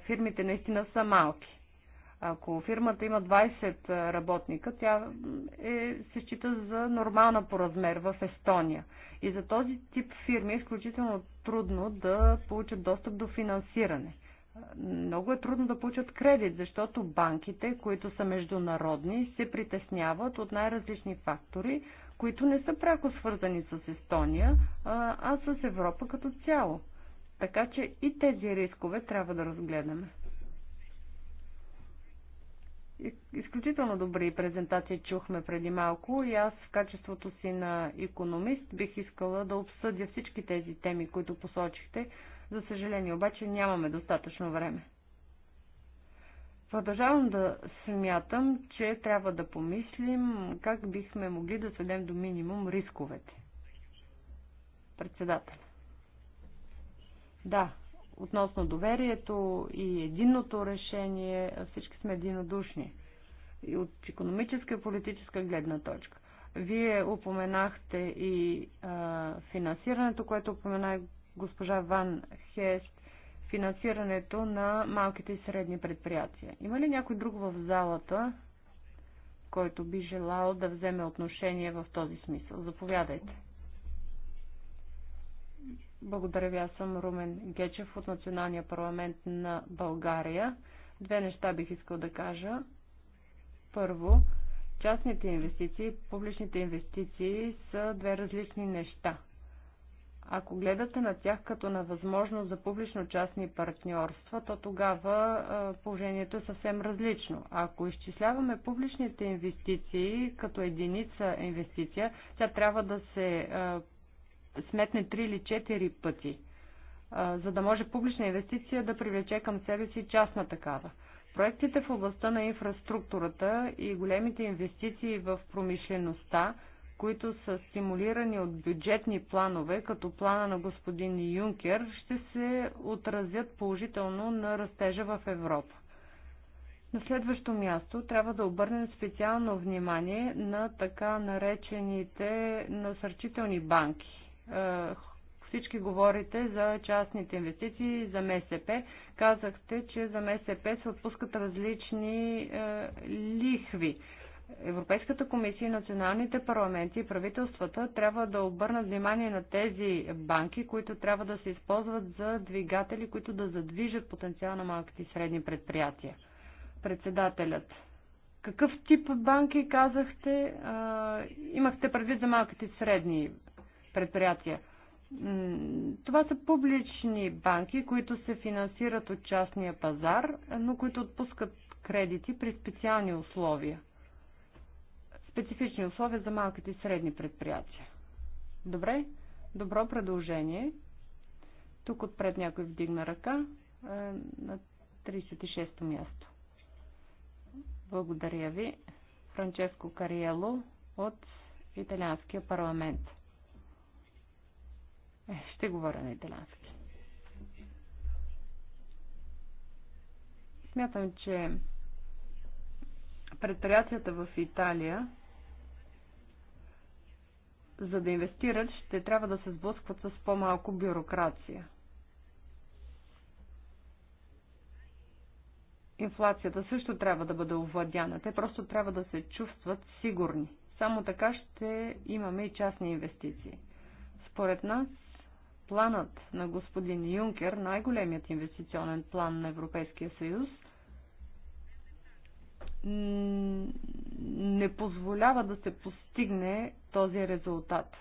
фирмите наистина са малки. Ако фирмата има 20 работника, тя е, се счита за нормална по размер в Естония. И за този тип фирми е изключително трудно да получат достъп до финансиране много е трудно да получат кредит, защото банките, които са международни, се притесняват от най-различни фактори, които не са пряко свързани с Естония, а с Европа като цяло. Така че и тези рискове трябва да разгледаме. Изключително добри презентации чухме преди малко и аз в качеството си на економист бих искала да обсъдя всички тези теми, които посочихте, за съжаление обаче нямаме достатъчно време. Продължавам да смятам, че трябва да помислим как бихме могли да сведем до минимум рисковете. Председател. Да, относно доверието и единното решение, всички сме единодушни. И от економическа и политическа гледна точка. Вие упоменахте и а, финансирането, което упомена госпожа Ван Хест финансирането на малките и средни предприятия. Има ли някой друг в залата, който би желал да вземе отношение в този смисъл? Заповядайте. Благодаря ви, аз съм Румен Гечев от Националния парламент на България. Две неща бих искал да кажа. Първо, частните инвестиции и публичните инвестиции са две различни неща – ако гледате на тях като на възможност за публично-частни партньорства, то тогава положението е съвсем различно. Ако изчисляваме публичните инвестиции като единица инвестиция, тя трябва да се сметне 3 или 4 пъти, за да може публична инвестиция да привлече към себе си частна такава. Проектите в областта на инфраструктурата и големите инвестиции в промишлеността – които са стимулирани от бюджетни планове, като плана на господин Юнкер, ще се отразят положително на растежа в Европа. На следващо място трябва да обърнем специално внимание на така наречените насърчителни банки. Е, всички говорите за частните инвестиции, за МСП. Казахте, че за МСП се отпускат различни е, лихви Европейската комисия, националните парламенти и правителствата трябва да обърнат внимание на тези банки, които трябва да се използват за двигатели, които да задвижат потенциал на малките и средни предприятия. Председателят. Какъв тип банки казахте? А, имахте предвид за малките и средни предприятия. Това са публични банки, които се финансират от частния пазар, но които отпускат кредити при специални условия специфични условия за малките и средни предприятия. Добре, добро предложение. Тук отпред някой вдигна ръка е, на 36-то място. Благодаря ви. Франческо Кариело от Италианския парламент. Е, ще говоря на италиански. Смятам, че предприятията в Италия за да инвестират, ще трябва да се сблъскват с по-малко бюрокрация. Инфлацията също трябва да бъде овладяна. Те просто трябва да се чувстват сигурни. Само така ще имаме и частни инвестиции. Според нас, планът на господин Юнкер, най-големият инвестиционен план на Европейския съюз, не позволява да се постигне този резултат.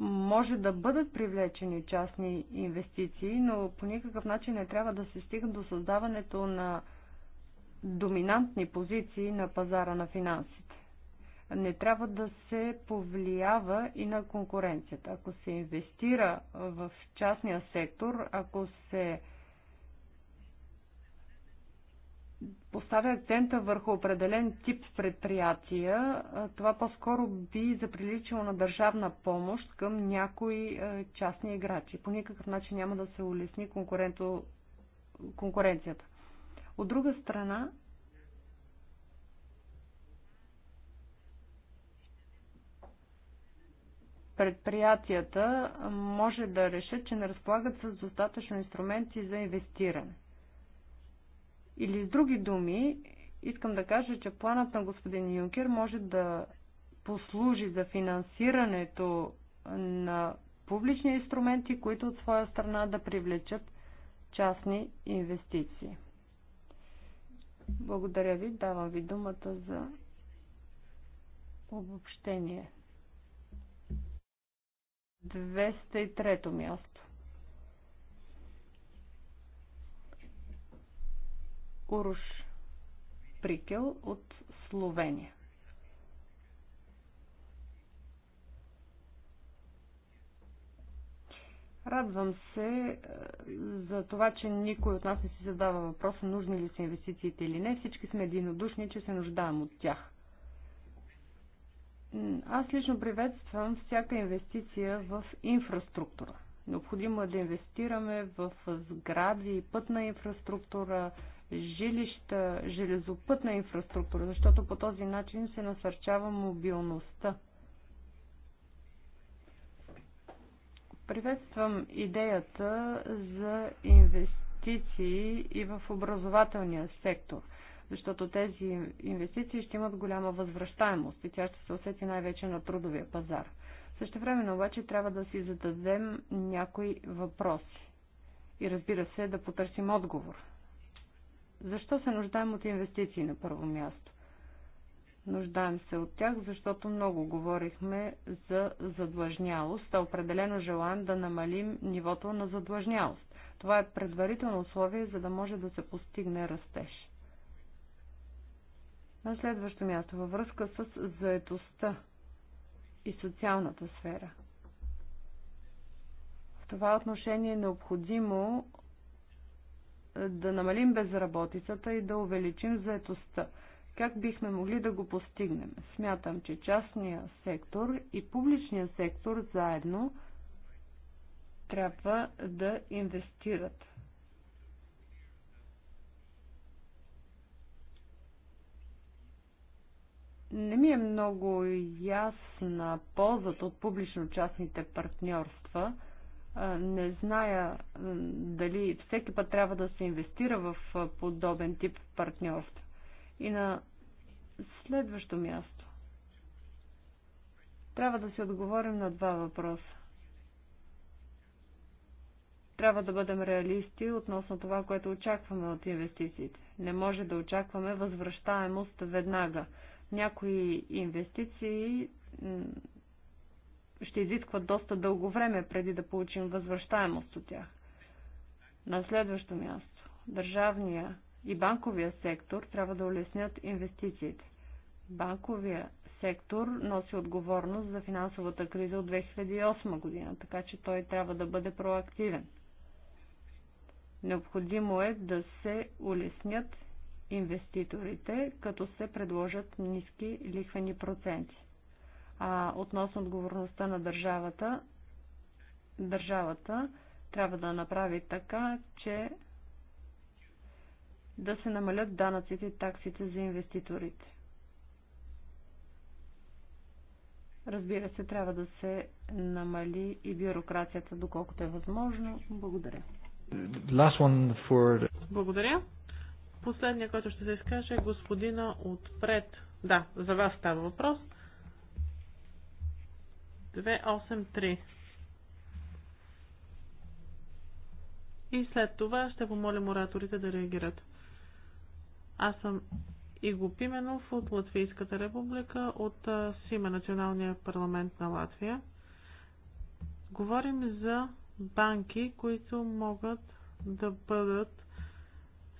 Може да бъдат привлечени частни инвестиции, но по никакъв начин не трябва да се стига до създаването на доминантни позиции на пазара на финансите. Не трябва да се повлиява и на конкуренцията. Ако се инвестира в частния сектор, ако се поставя акцента върху определен тип предприятия, това по-скоро би заприличило на държавна помощ към някои частни играчи. По никакъв начин няма да се улесни конкуренто... конкуренцията. От друга страна, предприятията може да решат, че не разполагат с достатъчно инструменти за инвестиране. Или с други думи, искам да кажа, че планът на господин Юнкер може да послужи за финансирането на публични инструменти, които от своя страна да привлечат частни инвестиции. Благодаря ви. Давам ви думата за обобщение. 203 място. Уруш Прикел от Словения. Радвам се е, за това, че никой от нас не си задава въпроса нужни ли са инвестициите или не. Всички сме единодушни, че се нуждаем от тях. Аз лично приветствам всяка инвестиция в инфраструктура. Необходимо е да инвестираме в сгради, пътна инфраструктура, жилища, железопътна инфраструктура, защото по този начин се насърчава мобилността. Приветствам идеята за инвестиции и в образователния сектор, защото тези инвестиции ще имат голяма възвръщаемост и тя ще се усети най-вече на трудовия пазар. Също време обаче трябва да си зададем някои въпроси и разбира се да потърсим отговор защо се нуждаем от инвестиции на първо място? Нуждаем се от тях, защото много говорихме за задлъжнялост, а определено желаем да намалим нивото на задлъжнялост. Това е предварително условие, за да може да се постигне растеж. На следващо място, във връзка с заетостта и социалната сфера. В това отношение е необходимо да намалим безработицата и да увеличим заетостта. Как бихме могли да го постигнем? Смятам, че частния сектор и публичния сектор заедно трябва да инвестират. Не ми е много ясна ползата от публично-частните партньорства – не зная дали всеки път трябва да се инвестира в подобен тип партньорство. И на следващо място. Трябва да си отговорим на два въпроса. Трябва да бъдем реалисти относно това, което очакваме от инвестициите. Не може да очакваме възвръщаемост веднага. Някои инвестиции ще изискват доста дълго време преди да получим възвръщаемост от тях. На следващо място, държавния и банковия сектор трябва да улеснят инвестициите. Банковия сектор носи отговорност за финансовата криза от 2008 година, така че той трябва да бъде проактивен. Необходимо е да се улеснят инвеститорите, като се предложат ниски лихвени проценти а, относно отговорността на държавата, държавата трябва да направи така, че да се намалят данъците и таксите за инвеститорите. Разбира се, трябва да се намали и бюрокрацията, доколкото е възможно. Благодаря. Last one for... Благодаря. Последният, който ще се изкаже е господина отпред. Да, за вас става въпрос. 283. И след това ще помолим ораторите да реагират. Аз съм Иго Пименов от Латвийската република, от СИМА, Националния парламент на Латвия. Говорим за банки, които могат да бъдат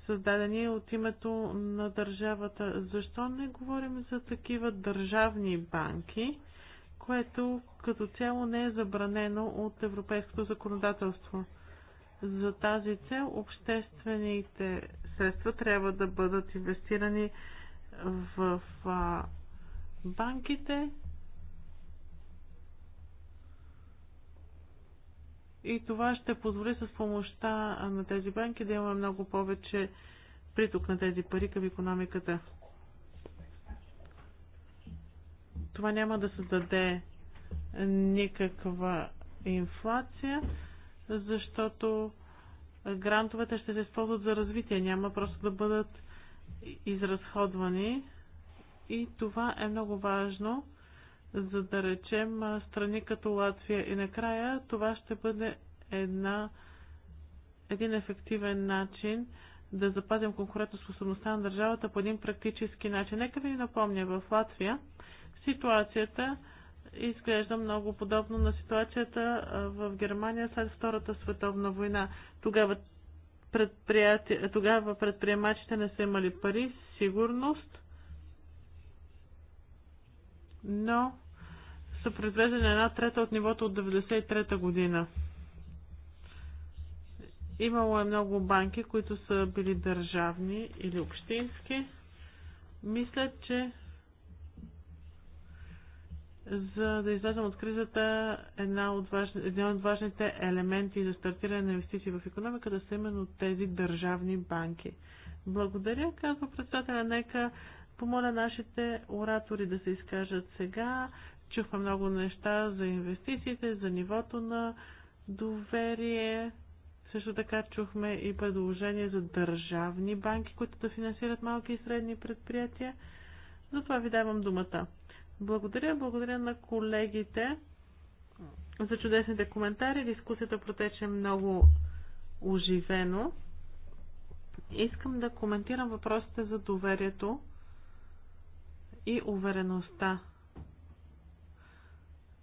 създадени от името на държавата. Защо не говорим за такива държавни банки? което като цяло не е забранено от европейското законодателство. За тази цел обществените средства трябва да бъдат инвестирани в банките и това ще позволи с помощта на тези банки да имаме много повече приток на тези пари към економиката. това няма да създаде никаква инфлация, защото грантовете ще се използват за развитие, няма просто да бъдат изразходвани. И това е много важно, за да речем страни като Латвия. И накрая това ще бъде една, един ефективен начин да запазим конкурентоспособността на държавата по един практически начин. Нека ви напомня, в Латвия Ситуацията изглежда много подобно на ситуацията в Германия след Втората световна война. Тогава, предприяти... Тогава предприемачите не са имали пари, сигурност, но са произвеждани една трета от нивото от 93-та година. Имало е много банки, които са били държавни или общински. Мисля, че за да излезем от кризата, една от важни, един от важните елементи за стартиране на инвестиции в економиката са именно тези държавни банки. Благодаря, казва председателя. Нека помоля нашите оратори да се изкажат сега. Чухме много неща за инвестициите, за нивото на доверие. Също така чухме и предложения за държавни банки, които да финансират малки и средни предприятия. Затова ви давам думата. Благодаря, благодаря на колегите за чудесните коментари. Дискусията протече много оживено. Искам да коментирам въпросите за доверието и увереността.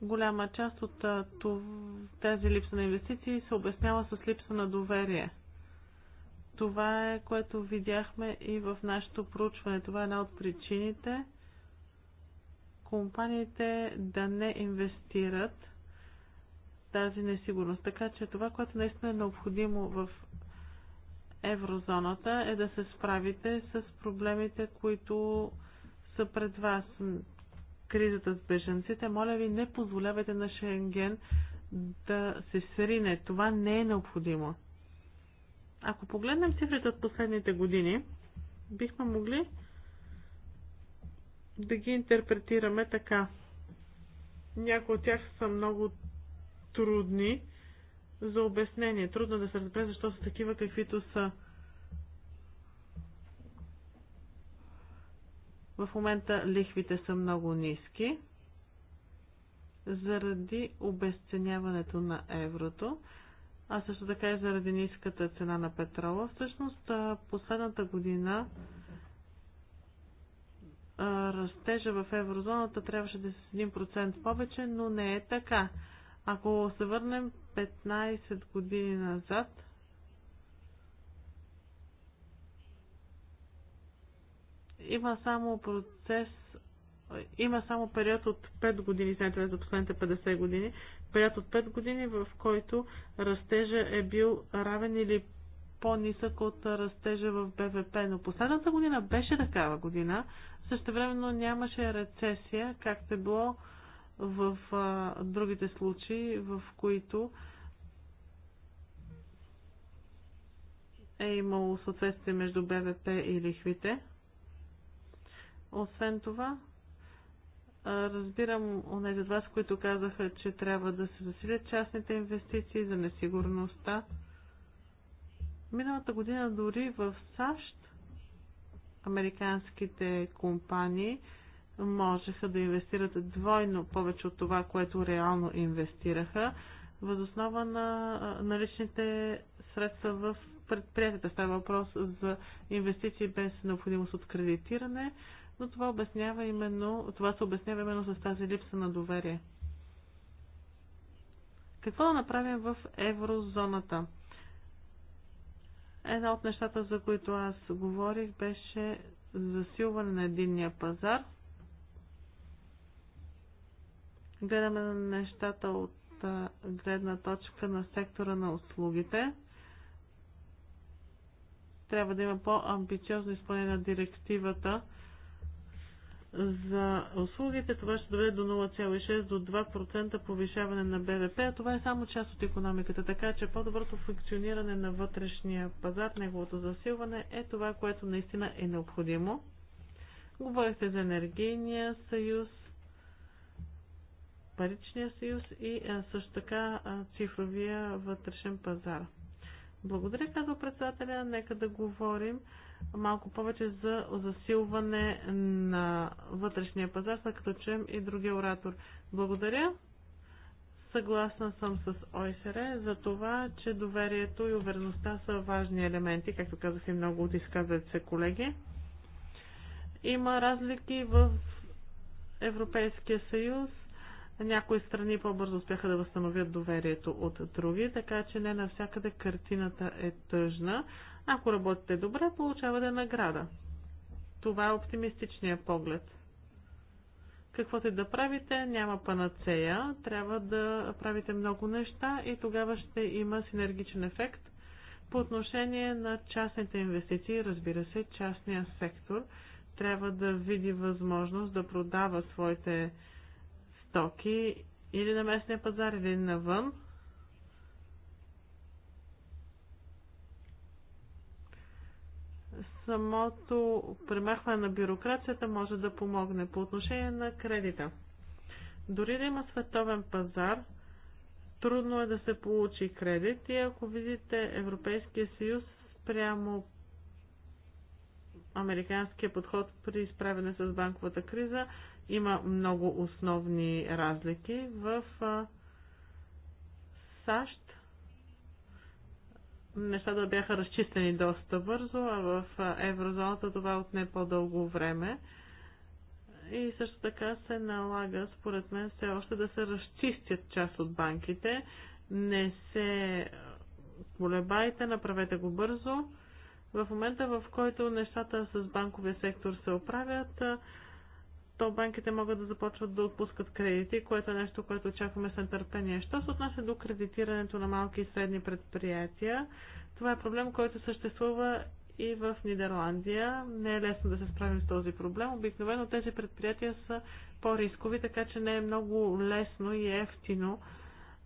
Голяма част от тези липса на инвестиции се обяснява с липса на доверие. Това е което видяхме и в нашето проучване. Това е една от причините компаниите да не инвестират тази несигурност. Така че това, което наистина е необходимо в еврозоната е да се справите с проблемите, които са пред вас. Кризата с беженците, моля ви, не позволявайте на Шенген да се срине. Това не е необходимо. Ако погледнем цифрите от последните години, бихме могли да ги интерпретираме така. Някои от тях са много трудни за обяснение. Трудно е да се разбере защо са такива, каквито са. В момента лихвите са много ниски заради обесценяването на еврото, а също така и заради ниската цена на петрола. Всъщност последната година растежа в еврозоната трябваше да е с 1% повече, но не е така. Ако се върнем 15 години назад, има само процес, има само период от 5 години, знаете, за е последните 50 години, период от 5 години, в който растежа е бил равен или по-нисък от растежа в БВП, но последната година беше такава година, също времено нямаше рецесия, както е било в а, другите случаи, в които е имало съответствие между БВП и лихвите. Освен това, разбирам онези от вас, които казаха, че трябва да се засилят частните инвестиции за несигурността. Миналата година дори в САЩ американските компании можеха да инвестират двойно повече от това, което реално инвестираха, възоснова на наличните средства в предприятията. Става въпрос за инвестиции без необходимост от кредитиране, но това, обяснява именно, това се обяснява именно с тази липса на доверие. Какво да направим в еврозоната? Една от нещата, за които аз говорих, беше засилване на единния пазар. Гледаме на нещата от гледна точка на сектора на услугите. Трябва да има по-амбициозно изпълнение на директивата за услугите това ще доведе до 0,6 до 2% повишаване на БВП, а това е само част от економиката, така че по-доброто функциониране на вътрешния пазар, неговото засилване е това, което наистина е необходимо. Говорихте за енергийния съюз, паричния съюз и също така цифровия вътрешен пазар. Благодаря, казва председателя. Нека да говорим малко повече за засилване на вътрешния пазар, след като чуем и другия оратор. Благодаря. Съгласна съм с ОСР за това, че доверието и увереността са важни елементи, както казах и много от изказвате се колеги. Има разлики в Европейския съюз. Някои страни по-бързо успяха да възстановят доверието от други, така че не навсякъде картината е тъжна. Ако работите добре, получавате награда. Това е оптимистичният поглед. Каквото и да правите, няма панацея, трябва да правите много неща и тогава ще има синергичен ефект по отношение на частните инвестиции, разбира се, частния сектор трябва да види възможност да продава своите стоки или на местния пазар, или навън, самото премахване на бюрокрацията може да помогне по отношение на кредита. Дори да има световен пазар, трудно е да се получи кредит и ако видите Европейския съюз прямо американския подход при изправене с банковата криза, има много основни разлики. В САЩ нещата бяха разчистени доста бързо, а в еврозоната това е отне по-дълго време. И също така се налага, според мен, все още да се разчистят част от банките. Не се колебайте, направете го бързо. В момента, в който нещата с банковия сектор се оправят, то банките могат да започват да отпускат кредити, което е нещо, което очакваме с нетърпение. Що се отнася до кредитирането на малки и средни предприятия, това е проблем, който съществува и в Нидерландия. Не е лесно да се справим с този проблем. Обикновено тези предприятия са по-рискови, така че не е много лесно и ефтино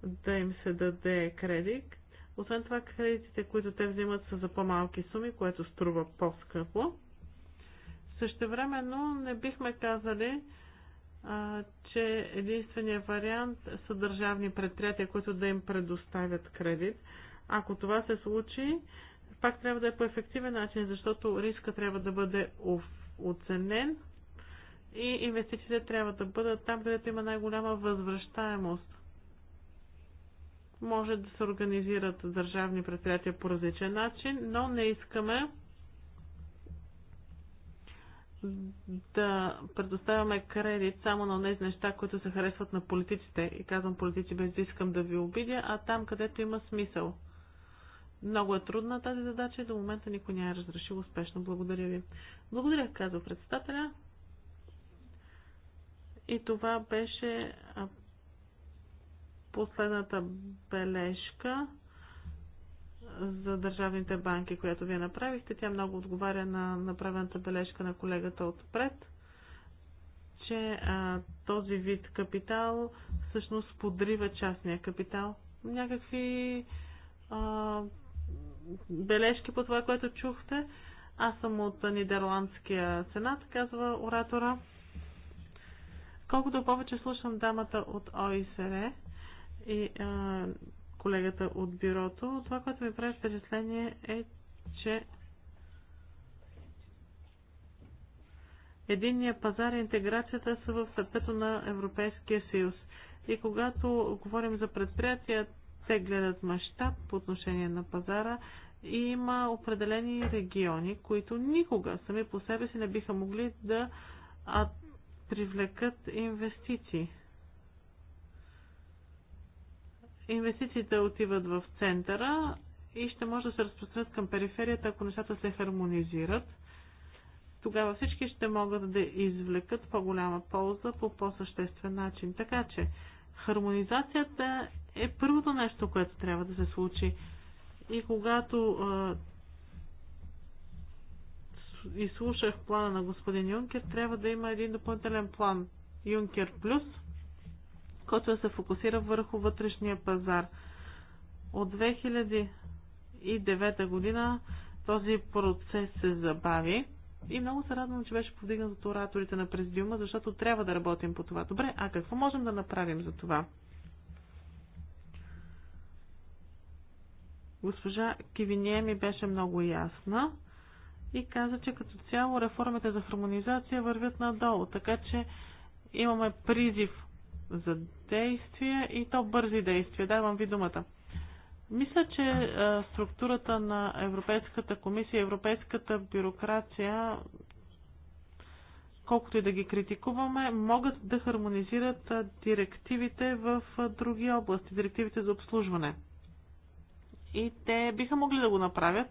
да им се даде кредит. Освен това, кредитите, които те взимат са за по-малки суми, което струва по-скъпо. Същевременно не бихме казали, а, че единствения вариант са държавни предприятия, които да им предоставят кредит. Ако това се случи, пак трябва да е по ефективен начин, защото риска трябва да бъде оценен и инвестициите трябва да бъдат там, където има най-голяма възвръщаемост. Може да се организират държавни предприятия по различен начин, но не искаме да предоставяме кредит само на тези неща, които се харесват на политиците. И казвам политици без да искам да ви обидя, а там, където има смисъл. Много е трудна тази задача и до момента никой не е разрешил успешно. Благодаря ви. Благодаря, казва председателя. И това беше последната бележка за държавните банки, която вие направихте. Тя много отговаря на направената бележка на колегата отпред, че а, този вид капитал всъщност подрива частния капитал. Някакви а, бележки по това, което чухте. Аз съм от Нидерландския сенат, казва оратора. Колкото повече слушам дамата от ОИСР и а, колегата от бюрото. Това, което ми прави впечатление е, че единния пазар и интеграцията са в сърцето на Европейския съюз. И когато говорим за предприятия, те гледат мащаб по отношение на пазара и има определени региони, които никога сами по себе си не биха могли да привлекат инвестиции. Инвестициите отиват в центъра и ще може да се разпространят към периферията, ако нещата се хармонизират. Тогава всички ще могат да извлекат по-голяма полза по по-съществен начин. Така че хармонизацията е първото нещо, което трябва да се случи. И когато изслушах плана на господин Юнкер, трябва да има един допълнителен план Юнкер Плюс – който да се фокусира върху вътрешния пазар. От 2009 година този процес се забави и много се радвам, че беше повдигнат от ораторите на президиума, защото трябва да работим по това. Добре, а какво можем да направим за това? Госпожа Кивиния ми беше много ясна и каза, че като цяло реформите за хармонизация вървят надолу, така че имаме призив за действия и то бързи действия. Давам ви думата. Мисля, че структурата на Европейската комисия, Европейската бюрокрация, колкото и да ги критикуваме, могат да хармонизират директивите в други области, директивите за обслужване. И те биха могли да го направят,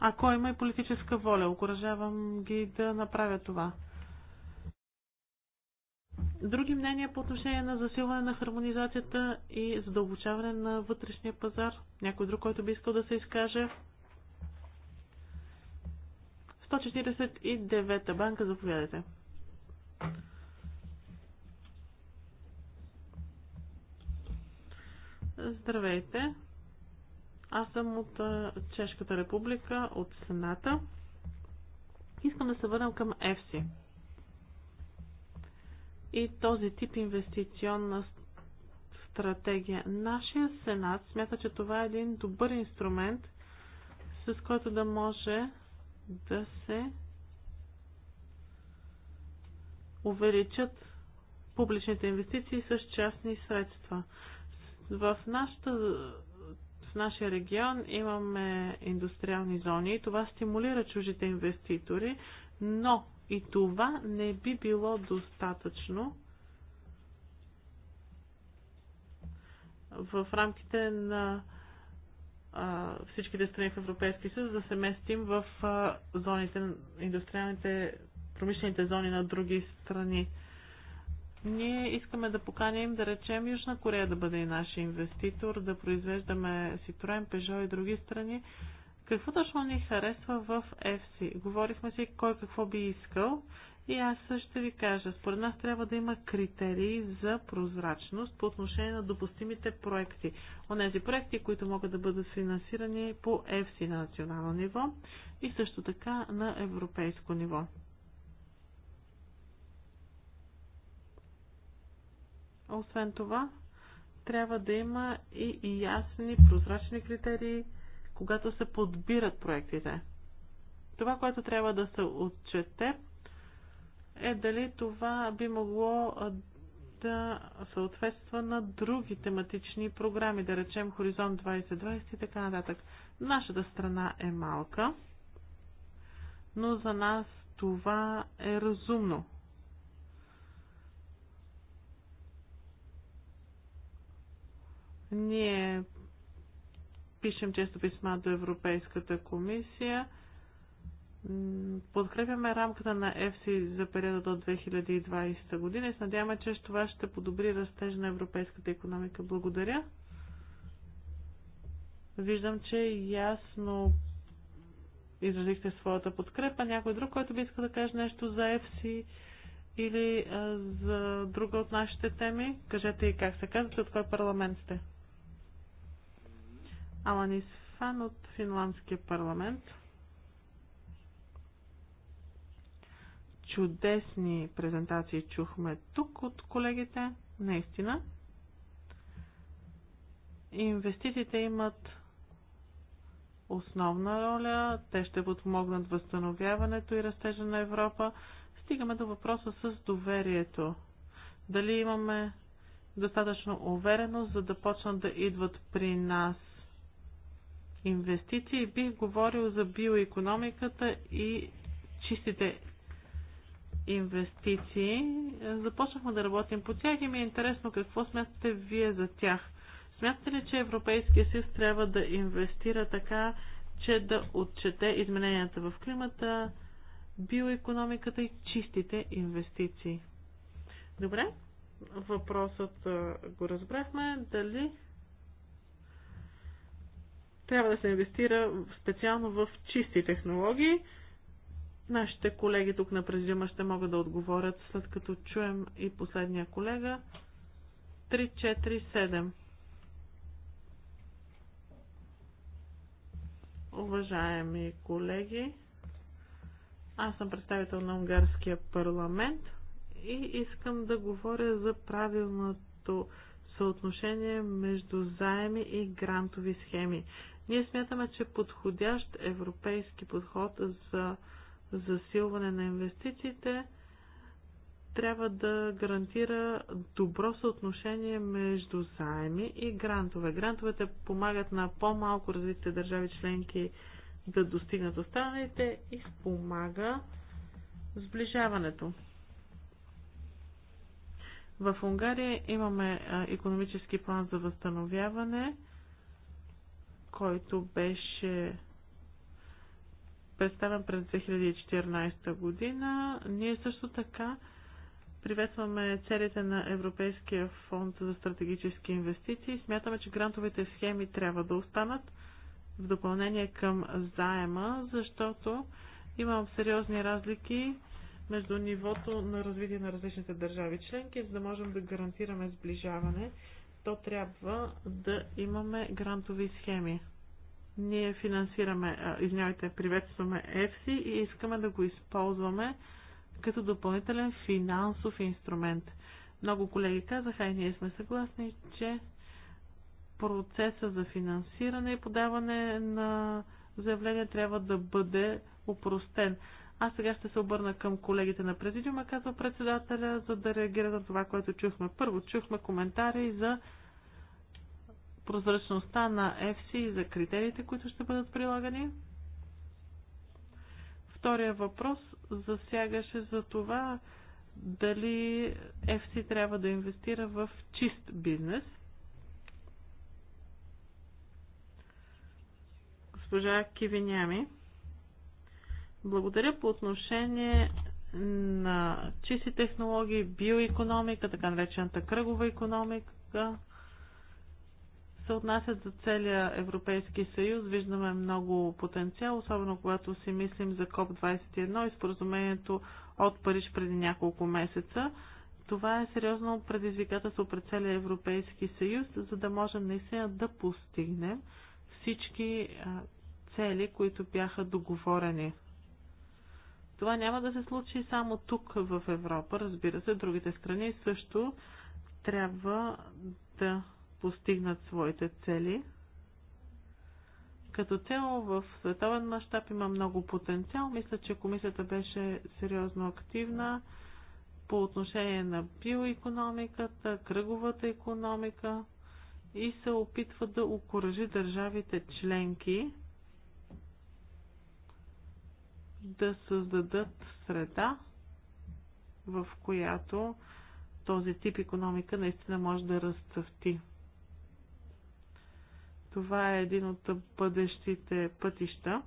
ако има и политическа воля. Окоръжавам ги да направят това други мнения по отношение на засилване на хармонизацията и задълбочаване на вътрешния пазар? Някой друг, който би искал да се изкаже? 149-та банка, заповядайте. Здравейте! Аз съм от Чешката република, от Сената. Искам да се върнем към ЕФСИ и този тип инвестиционна стратегия. Нашия Сенат смята, че това е един добър инструмент, с който да може да се увеличат публичните инвестиции с частни средства. В, нашата, в нашия регион имаме индустриални зони и това стимулира чужите инвеститори, но и това не би било достатъчно в рамките на всичките страни в Европейския съюз да се местим в зоните, индустриалните, промишлените зони на други страни. Ние искаме да поканим, да речем, Южна Корея да бъде и нашия инвеститор, да произвеждаме Citroen, Peugeot и други страни, какво точно ни харесва в FC? Говорихме си кой какво би искал и аз ще ви кажа. Според нас трябва да има критерии за прозрачност по отношение на допустимите проекти. Онези проекти, които могат да бъдат финансирани по FC на национално ниво и също така на европейско ниво. Освен това, трябва да има и ясни прозрачни критерии когато се подбират проектите. Това, което трябва да се отчете, е дали това би могло да съответства на други тематични програми, да речем Хоризонт 2020 и така нататък. Нашата страна е малка, но за нас това е разумно. Ние пишем често писма до Европейската комисия. Подкрепяме рамката на ЕФСИ за периода до 2020 година и се надяваме, че това ще подобри растеж на европейската економика. Благодаря. Виждам, че ясно изразихте своята подкрепа. Някой друг, който би искал да каже нещо за ЕФСИ или а, за друга от нашите теми, кажете и как се казвате, от кой парламент сте. Аланис Фан от Финландския парламент. Чудесни презентации чухме тук от колегите, наистина. Инвестициите имат основна роля, те ще подмогнат възстановяването и растежа на Европа. Стигаме до въпроса с доверието. Дали имаме достатъчно увереност, за да почнат да идват при нас инвестиции, бих говорил за биоекономиката и чистите инвестиции. Започнахме да работим по тях и ми е интересно какво смятате вие за тях. Смятате ли, че Европейския съюз трябва да инвестира така, че да отчете измененията в климата, биоекономиката и чистите инвестиции? Добре, въпросът го разбрахме. Дали трябва да се инвестира специално в чисти технологии. Нашите колеги тук на презима ще могат да отговорят след като чуем и последния колега. 347. Уважаеми колеги, аз съм представител на Унгарския парламент и искам да говоря за правилното съотношение между заеми и грантови схеми. Ние смятаме, че подходящ европейски подход за засилване на инвестициите трябва да гарантира добро съотношение между заеми и грантове. Грантовете помагат на по-малко развитите държави членки да достигнат останалите и спомага сближаването. В Унгария имаме економически план за възстановяване – който беше представен през 2014 година. Ние също така приветстваме целите на Европейския фонд за стратегически инвестиции. Смятаме, че грантовите схеми трябва да останат в допълнение към заема, защото имам сериозни разлики между нивото на развитие на различните държави членки, за да можем да гарантираме сближаване защо трябва да имаме грантови схеми. Ние финансираме, извинявайте, приветстваме EFSI и искаме да го използваме като допълнителен финансов инструмент. Много колеги казаха и ние сме съгласни, че процеса за финансиране и подаване на заявление трябва да бъде упростен. Аз сега ще се обърна към колегите на президиума, казва председателя, за да реагират на това, което чухме. Първо чухме коментари за прозрачността на FC и за критериите, които ще бъдат прилагани. Втория въпрос засягаше за това дали FC трябва да инвестира в чист бизнес. Госпожа Кивинями, благодаря по отношение на чисти технологии, биоекономика, така наречената кръгова економика се отнасят за целия Европейски съюз, виждаме много потенциал, особено когато си мислим за КОП-21 и споразумението от Париж преди няколко месеца. Това е сериозно предизвикателство пред целия Европейски съюз, за да можем наистина да постигнем всички цели, които бяха договорени. Това няма да се случи само тук в Европа, разбира се, другите страни също трябва да постигнат своите цели. Като цяло в световен мащаб има много потенциал. Мисля, че комисията беше сериозно активна по отношение на биоекономиката, кръговата економика и се опитва да окоръжи държавите членки да създадат среда, в която този тип економика наистина може да разцъфти това е един от бъдещите пътища.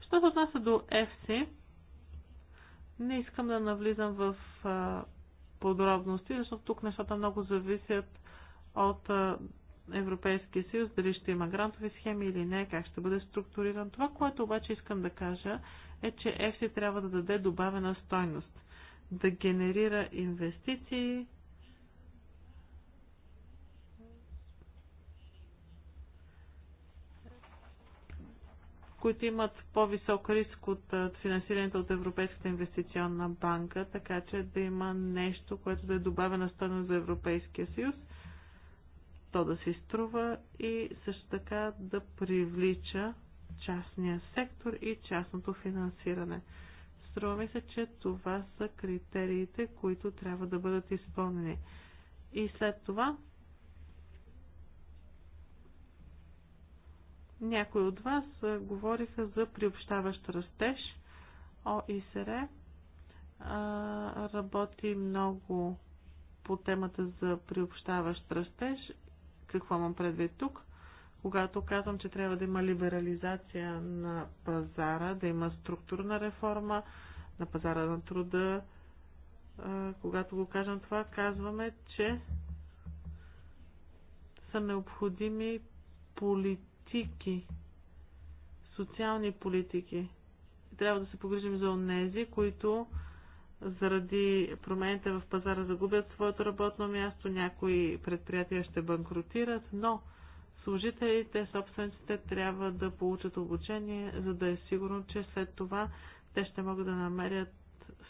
Що се отнася до FC, не искам да навлизам в подробности, защото тук нещата много зависят от Европейския съюз, дали ще има грантови схеми или не, как ще бъде структуриран. Това, което обаче искам да кажа, е, че FC трябва да даде добавена стойност, да генерира инвестиции, които имат по-висок риск от финансирането от Европейската инвестиционна банка, така че да има нещо, което да е добавена стойност за Европейския съюз, то да се струва и също така да привлича частния сектор и частното финансиране. Струва ми се, че това са критериите, които трябва да бъдат изпълнени. И след това Някои от вас говориха за приобщаващ растеж. ОИСР работи много по темата за приобщаващ растеж. Какво имам предвид тук? Когато казвам, че трябва да има либерализация на пазара, да има структурна реформа на пазара на труда, когато го кажем това, казваме, че са необходими политики политики, социални политики. Трябва да се погрижим за онези, които заради промените в пазара загубят своето работно място, някои предприятия ще банкротират, но служителите, собствениците трябва да получат обучение, за да е сигурно, че след това те ще могат да намерят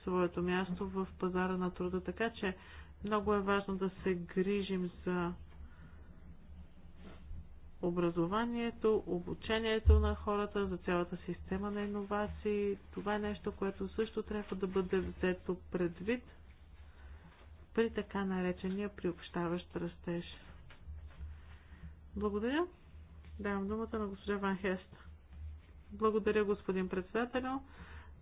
своето място в пазара на труда. Така че много е важно да се грижим за образованието, обучението на хората, за цялата система на иновации. Това е нещо, което също трябва да бъде взето предвид при така наречения приобщаващ растеж. Благодаря. Давам думата на госпожа Ван Хест. Благодаря, господин председател.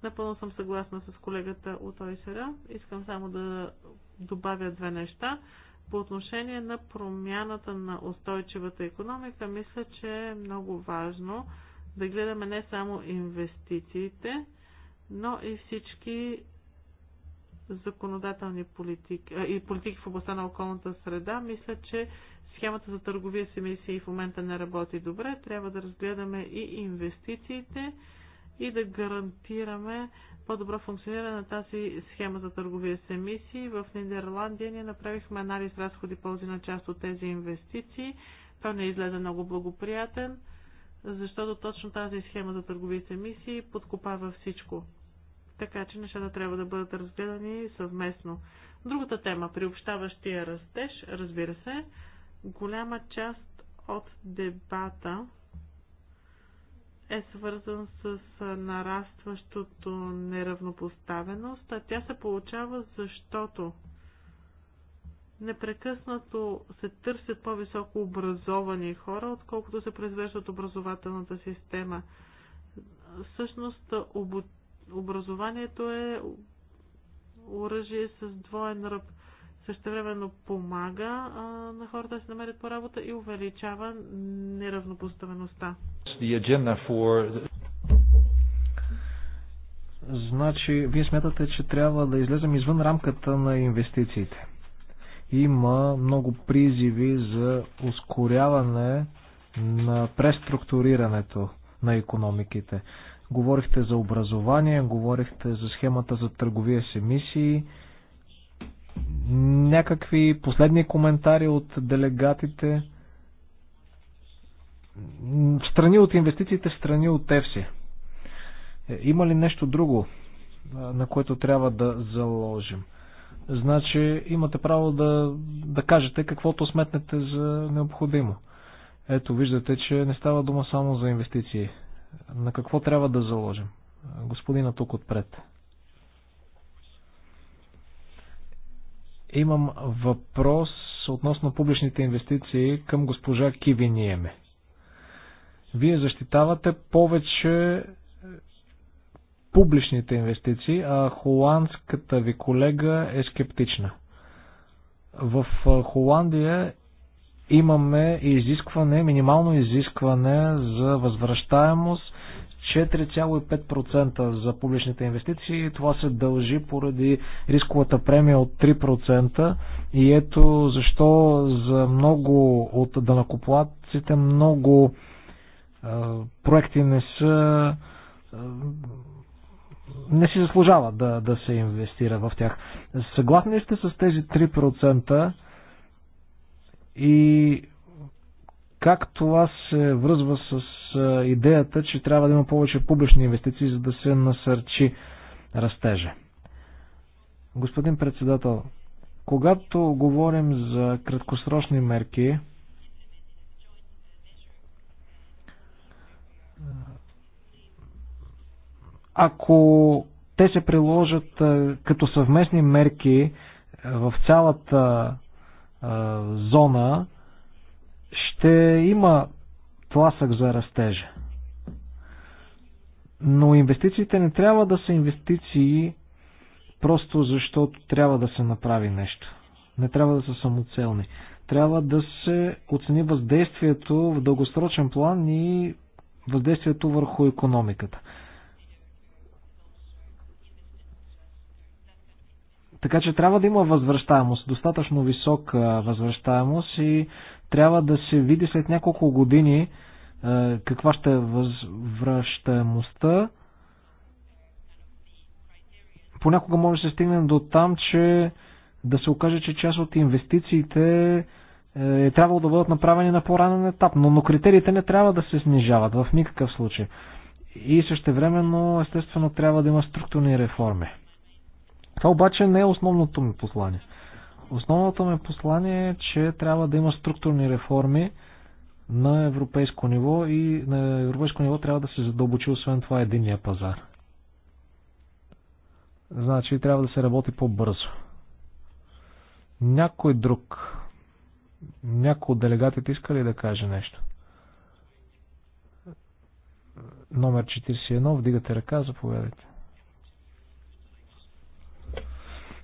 Напълно съм съгласна с колегата от ОИСРА. Искам само да добавя две неща. По отношение на промяната на устойчивата економика, мисля, че е много важно да гледаме не само инвестициите, но и всички законодателни политики и политики в областта на околната среда. Мисля, че схемата за търговия с емисии в момента не работи добре. Трябва да разгледаме и инвестициите и да гарантираме по-добро функциониране на тази схема за търговия с емисии. В Нидерландия ние направихме анализ разходи ползи на част от тези инвестиции. Това не излезе много благоприятен, защото точно тази схема за търговия с емисии подкопава всичко. Така че нещата трябва да бъдат разгледани съвместно. Другата тема приобщаващия растеж, разбира се, голяма част от дебата е свързан с нарастващото неравнопоставеност, а тя се получава защото непрекъснато се търсят по-високо образовани хора, отколкото се произвеждат образователната система. Всъщност образованието е оръжие с двоен ръб – същевременно помага а, на хората да се намерят по работа и увеличава неравнопоставеността. For... Значи, вие смятате, че трябва да излезем извън рамката на инвестициите. Има много призиви за ускоряване на преструктурирането на економиките. Говорихте за образование, говорихте за схемата за търговия с емисии, някакви последни коментари от делегатите? Страни от инвестициите, страни от ЕФСИ. Е, има ли нещо друго, на което трябва да заложим? Значи имате право да, да кажете каквото сметнете за необходимо. Ето, виждате, че не става дума само за инвестиции. На какво трябва да заложим? Господина тук отпред. Имам въпрос относно публичните инвестиции към госпожа Киви Ниеме. Вие защитавате повече е, публичните инвестиции, а холандската ви колега е скептична. В е, Холандия имаме изискване, минимално изискване за възвръщаемост 4,5% за публичните инвестиции. Това се дължи поради рисковата премия от 3%. И ето защо за много от данакоплатците много е, проекти не са е, не си заслужава да, да се инвестира в тях. Съгласни сте с тези 3% и как това се връзва с идеята, че трябва да има повече публични инвестиции, за да се насърчи растежа. Господин председател, когато говорим за краткосрочни мерки, ако те се приложат като съвместни мерки в цялата зона, ще има тласък за растежа. Но инвестициите не трябва да са инвестиции просто защото трябва да се направи нещо. Не трябва да са самоцелни. Трябва да се оцени въздействието в дългосрочен план и въздействието върху економиката. Така че трябва да има възвръщаемост, достатъчно висока възвръщаемост и трябва да се види след няколко години е, каква ще е възвръщаемостта. Понякога може да се стигнем до там, че да се окаже, че част от инвестициите е, е трябвало да бъдат направени на по-ранен етап, но, но критериите не трябва да се снижават в никакъв случай. И също времено, естествено, трябва да има структурни реформи. Това обаче не е основното ми послание. Основното ми послание е, че трябва да има структурни реформи, на европейско ниво и на европейско ниво трябва да се задълбочи освен това единния пазар. Значи трябва да се работи по-бързо. Някой друг, някой от делегатите иска ли да каже нещо? Номер 41, вдигате ръка, заповядайте.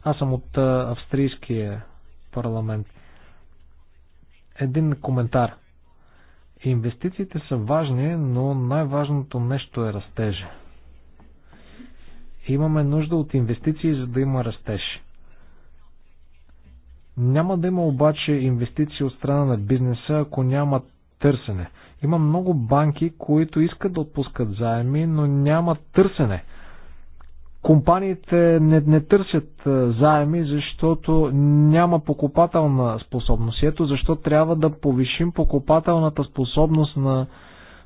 Аз съм от австрийския парламент. Един коментар Инвестициите са важни, но най-важното нещо е растежа. Имаме нужда от инвестиции, за да има растеж. Няма да има обаче инвестиции от страна на бизнеса, ако няма търсене. Има много банки, които искат да отпускат заеми, но няма търсене компаниите не, не търсят заеми, защото няма покупателна способност. Ето защо трябва да повишим покупателната способност на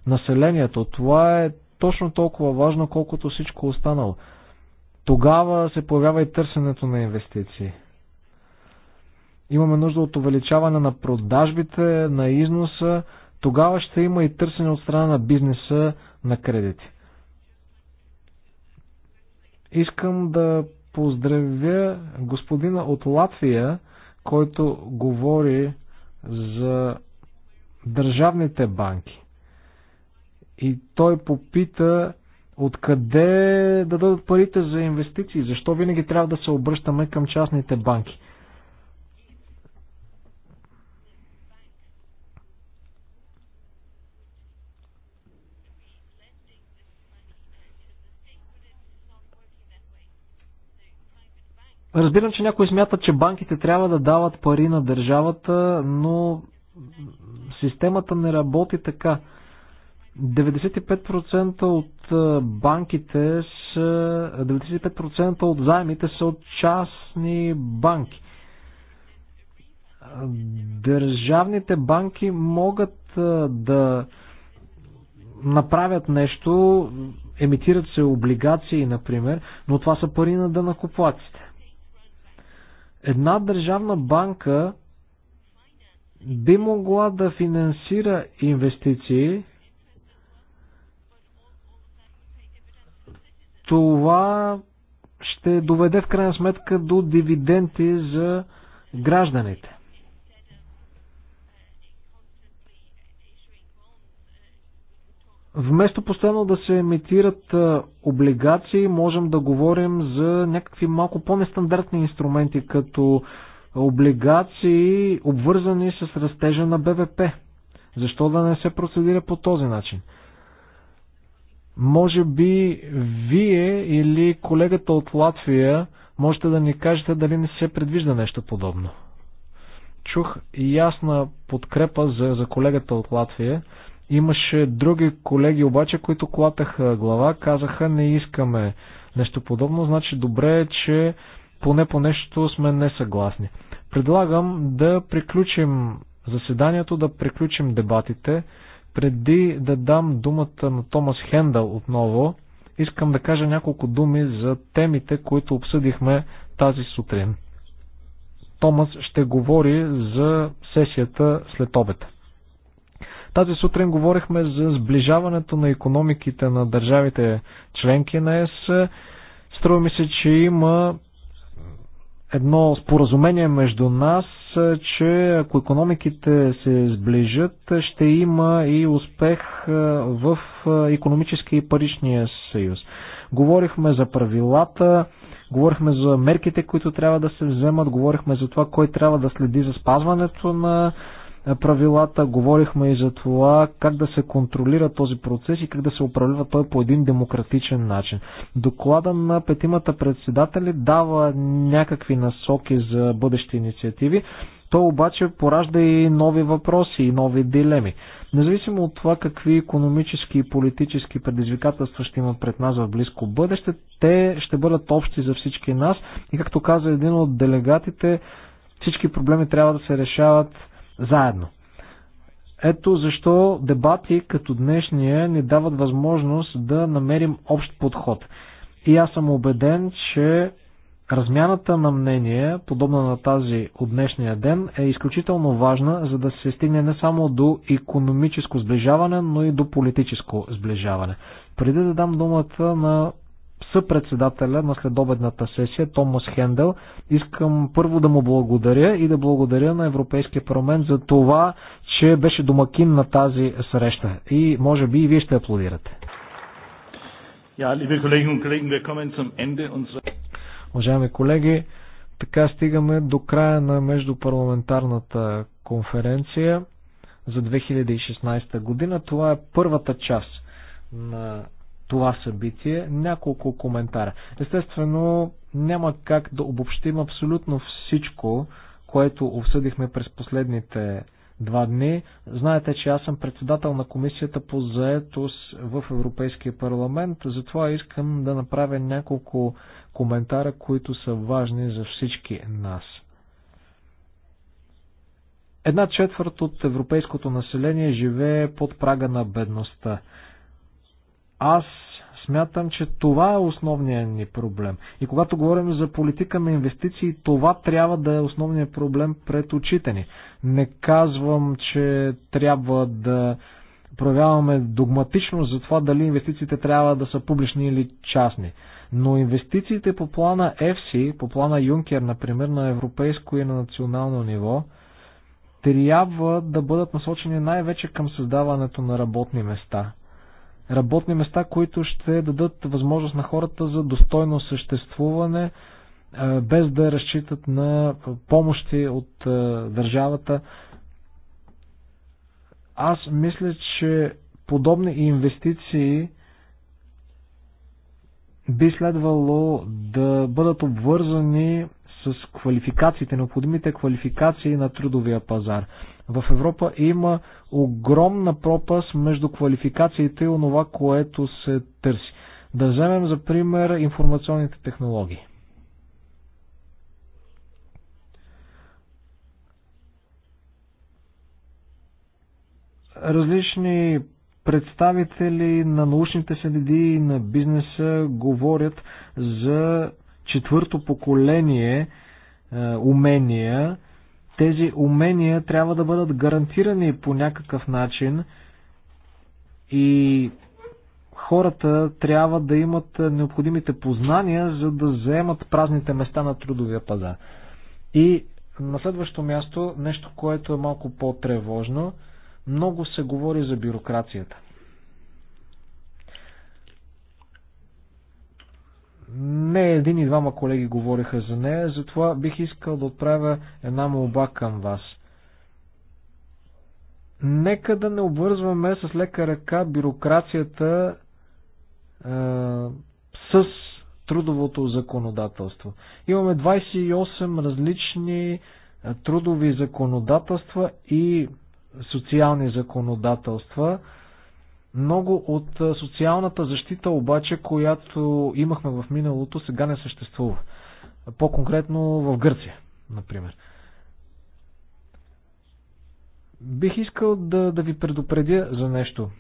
населението. Това е точно толкова важно, колкото всичко останало. Тогава се появява и търсенето на инвестиции. Имаме нужда от увеличаване на продажбите, на износа. Тогава ще има и търсене от страна на бизнеса на кредити. Искам да поздравя господина от Латвия, който говори за държавните банки. И той попита откъде да дадат парите за инвестиции, защо винаги трябва да се обръщаме към частните банки. Разбирам, че някои смятат, че банките трябва да дават пари на държавата, но системата не работи така. 95% от банките са, 95% от заемите са от частни банки. Държавните банки могат да направят нещо, емитират се облигации, например, но това са пари на дънакоплаците. Една държавна банка би могла да финансира инвестиции. Това ще доведе в крайна сметка до дивиденти за гражданите. Вместо постоянно да се емитират облигации, можем да говорим за някакви малко по-нестандартни инструменти, като облигации, обвързани с растежа на БВП. Защо да не се процедира по този начин? Може би вие или колегата от Латвия можете да ни кажете дали не се предвижда нещо подобно. Чух ясна подкрепа за, за колегата от Латвия. Имаше други колеги обаче, които клатаха глава, казаха не искаме нещо подобно, значи добре е, че поне по нещо сме несъгласни. Предлагам да приключим заседанието, да приключим дебатите. Преди да дам думата на Томас Хендъл отново, искам да кажа няколко думи за темите, които обсъдихме тази сутрин. Томас ще говори за сесията след обеда. Тази сутрин говорихме за сближаването на економиките на държавите членки на ЕС. Струва ми се, че има едно споразумение между нас, че ако економиките се сближат, ще има и успех в економическия и паричния съюз. Говорихме за правилата, говорихме за мерките, които трябва да се вземат, говорихме за това кой трябва да следи за спазването на е, правилата, говорихме и за това как да се контролира този процес и как да се управлява той по един демократичен начин. Доклада на петимата председатели дава някакви насоки за бъдещи инициативи, то обаче поражда и нови въпроси и нови дилеми. Независимо от това какви економически и политически предизвикателства ще има пред нас в близко бъдеще, те ще бъдат общи за всички нас и както каза един от делегатите, всички проблеми трябва да се решават заедно. Ето защо дебати като днешния ни дават възможност да намерим общ подход. И аз съм убеден, че размяната на мнение, подобна на тази от днешния ден, е изключително важна, за да се стигне не само до економическо сближаване, но и до политическо сближаване. Преди да дам думата на съпредседателя на следобедната сесия Томас Хендел. Искам първо да му благодаря и да благодаря на Европейския парламент за това, че беше домакин на тази среща. И може би и вие ще аплодирате. Уважаеми колеги, така стигаме до края на междупарламентарната конференция за 2016 година. Това е първата част на това събитие. Няколко коментара. Естествено, няма как да обобщим абсолютно всичко, което обсъдихме през последните два дни. Знаете, че аз съм председател на комисията по заетост в Европейския парламент, затова искам да направя няколко коментара, които са важни за всички нас. Една четвърт от европейското население живее под прага на бедността. Аз смятам, че това е основният ни проблем. И когато говорим за политика на инвестиции, това трябва да е основният проблем пред очите ни. Не казвам, че трябва да проявяваме догматично за това дали инвестициите трябва да са публични или частни. Но инвестициите по плана EFSI, по плана Юнкер, например, на европейско и на национално ниво, трябва да бъдат насочени най-вече към създаването на работни места – работни места, които ще дадат възможност на хората за достойно съществуване, без да разчитат на помощи от държавата. Аз мисля, че подобни инвестиции би следвало да бъдат обвързани с квалификациите, необходимите квалификации на трудовия пазар. В Европа има огромна пропаст между квалификациите и онова, което се търси. Да вземем за пример информационните технологии. Различни представители на научните среди и на бизнеса говорят за четвърто поколение е, умения, тези умения трябва да бъдат гарантирани по някакъв начин и хората трябва да имат необходимите познания, за да заемат празните места на трудовия пазар. И на следващо място, нещо, което е малко по-тревожно, много се говори за бюрокрацията. не един и двама колеги говориха за нея, затова бих искал да отправя една молба към вас. Нека да не обвързваме с лека ръка бюрокрацията е, с трудовото законодателство. Имаме 28 различни е, трудови законодателства и социални законодателства. Е, много от социалната защита обаче, която имахме в миналото, сега не съществува. По-конкретно в Гърция, например. Бих искал да, да ви предупредя за нещо.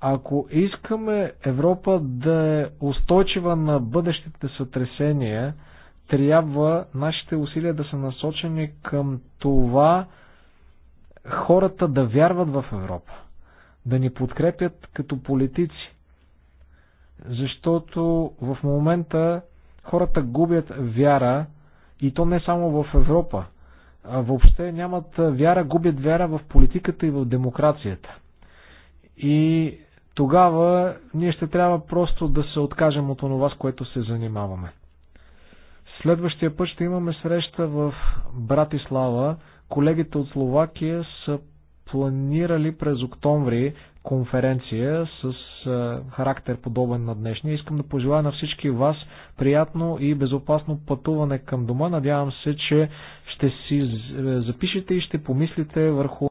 Ако искаме Европа да е устойчива на бъдещите сътресения, трябва нашите усилия да са насочени към това хората да вярват в Европа да ни подкрепят като политици. Защото в момента хората губят вяра и то не само в Европа. А въобще нямат вяра, губят вяра в политиката и в демокрацията. И тогава ние ще трябва просто да се откажем от онова, с което се занимаваме. Следващия път ще имаме среща в Братислава. Колегите от Словакия са планирали през октомври конференция с характер подобен на днешния. Искам да пожелая на всички вас приятно и безопасно пътуване към дома. Надявам се, че ще си запишете и ще помислите върху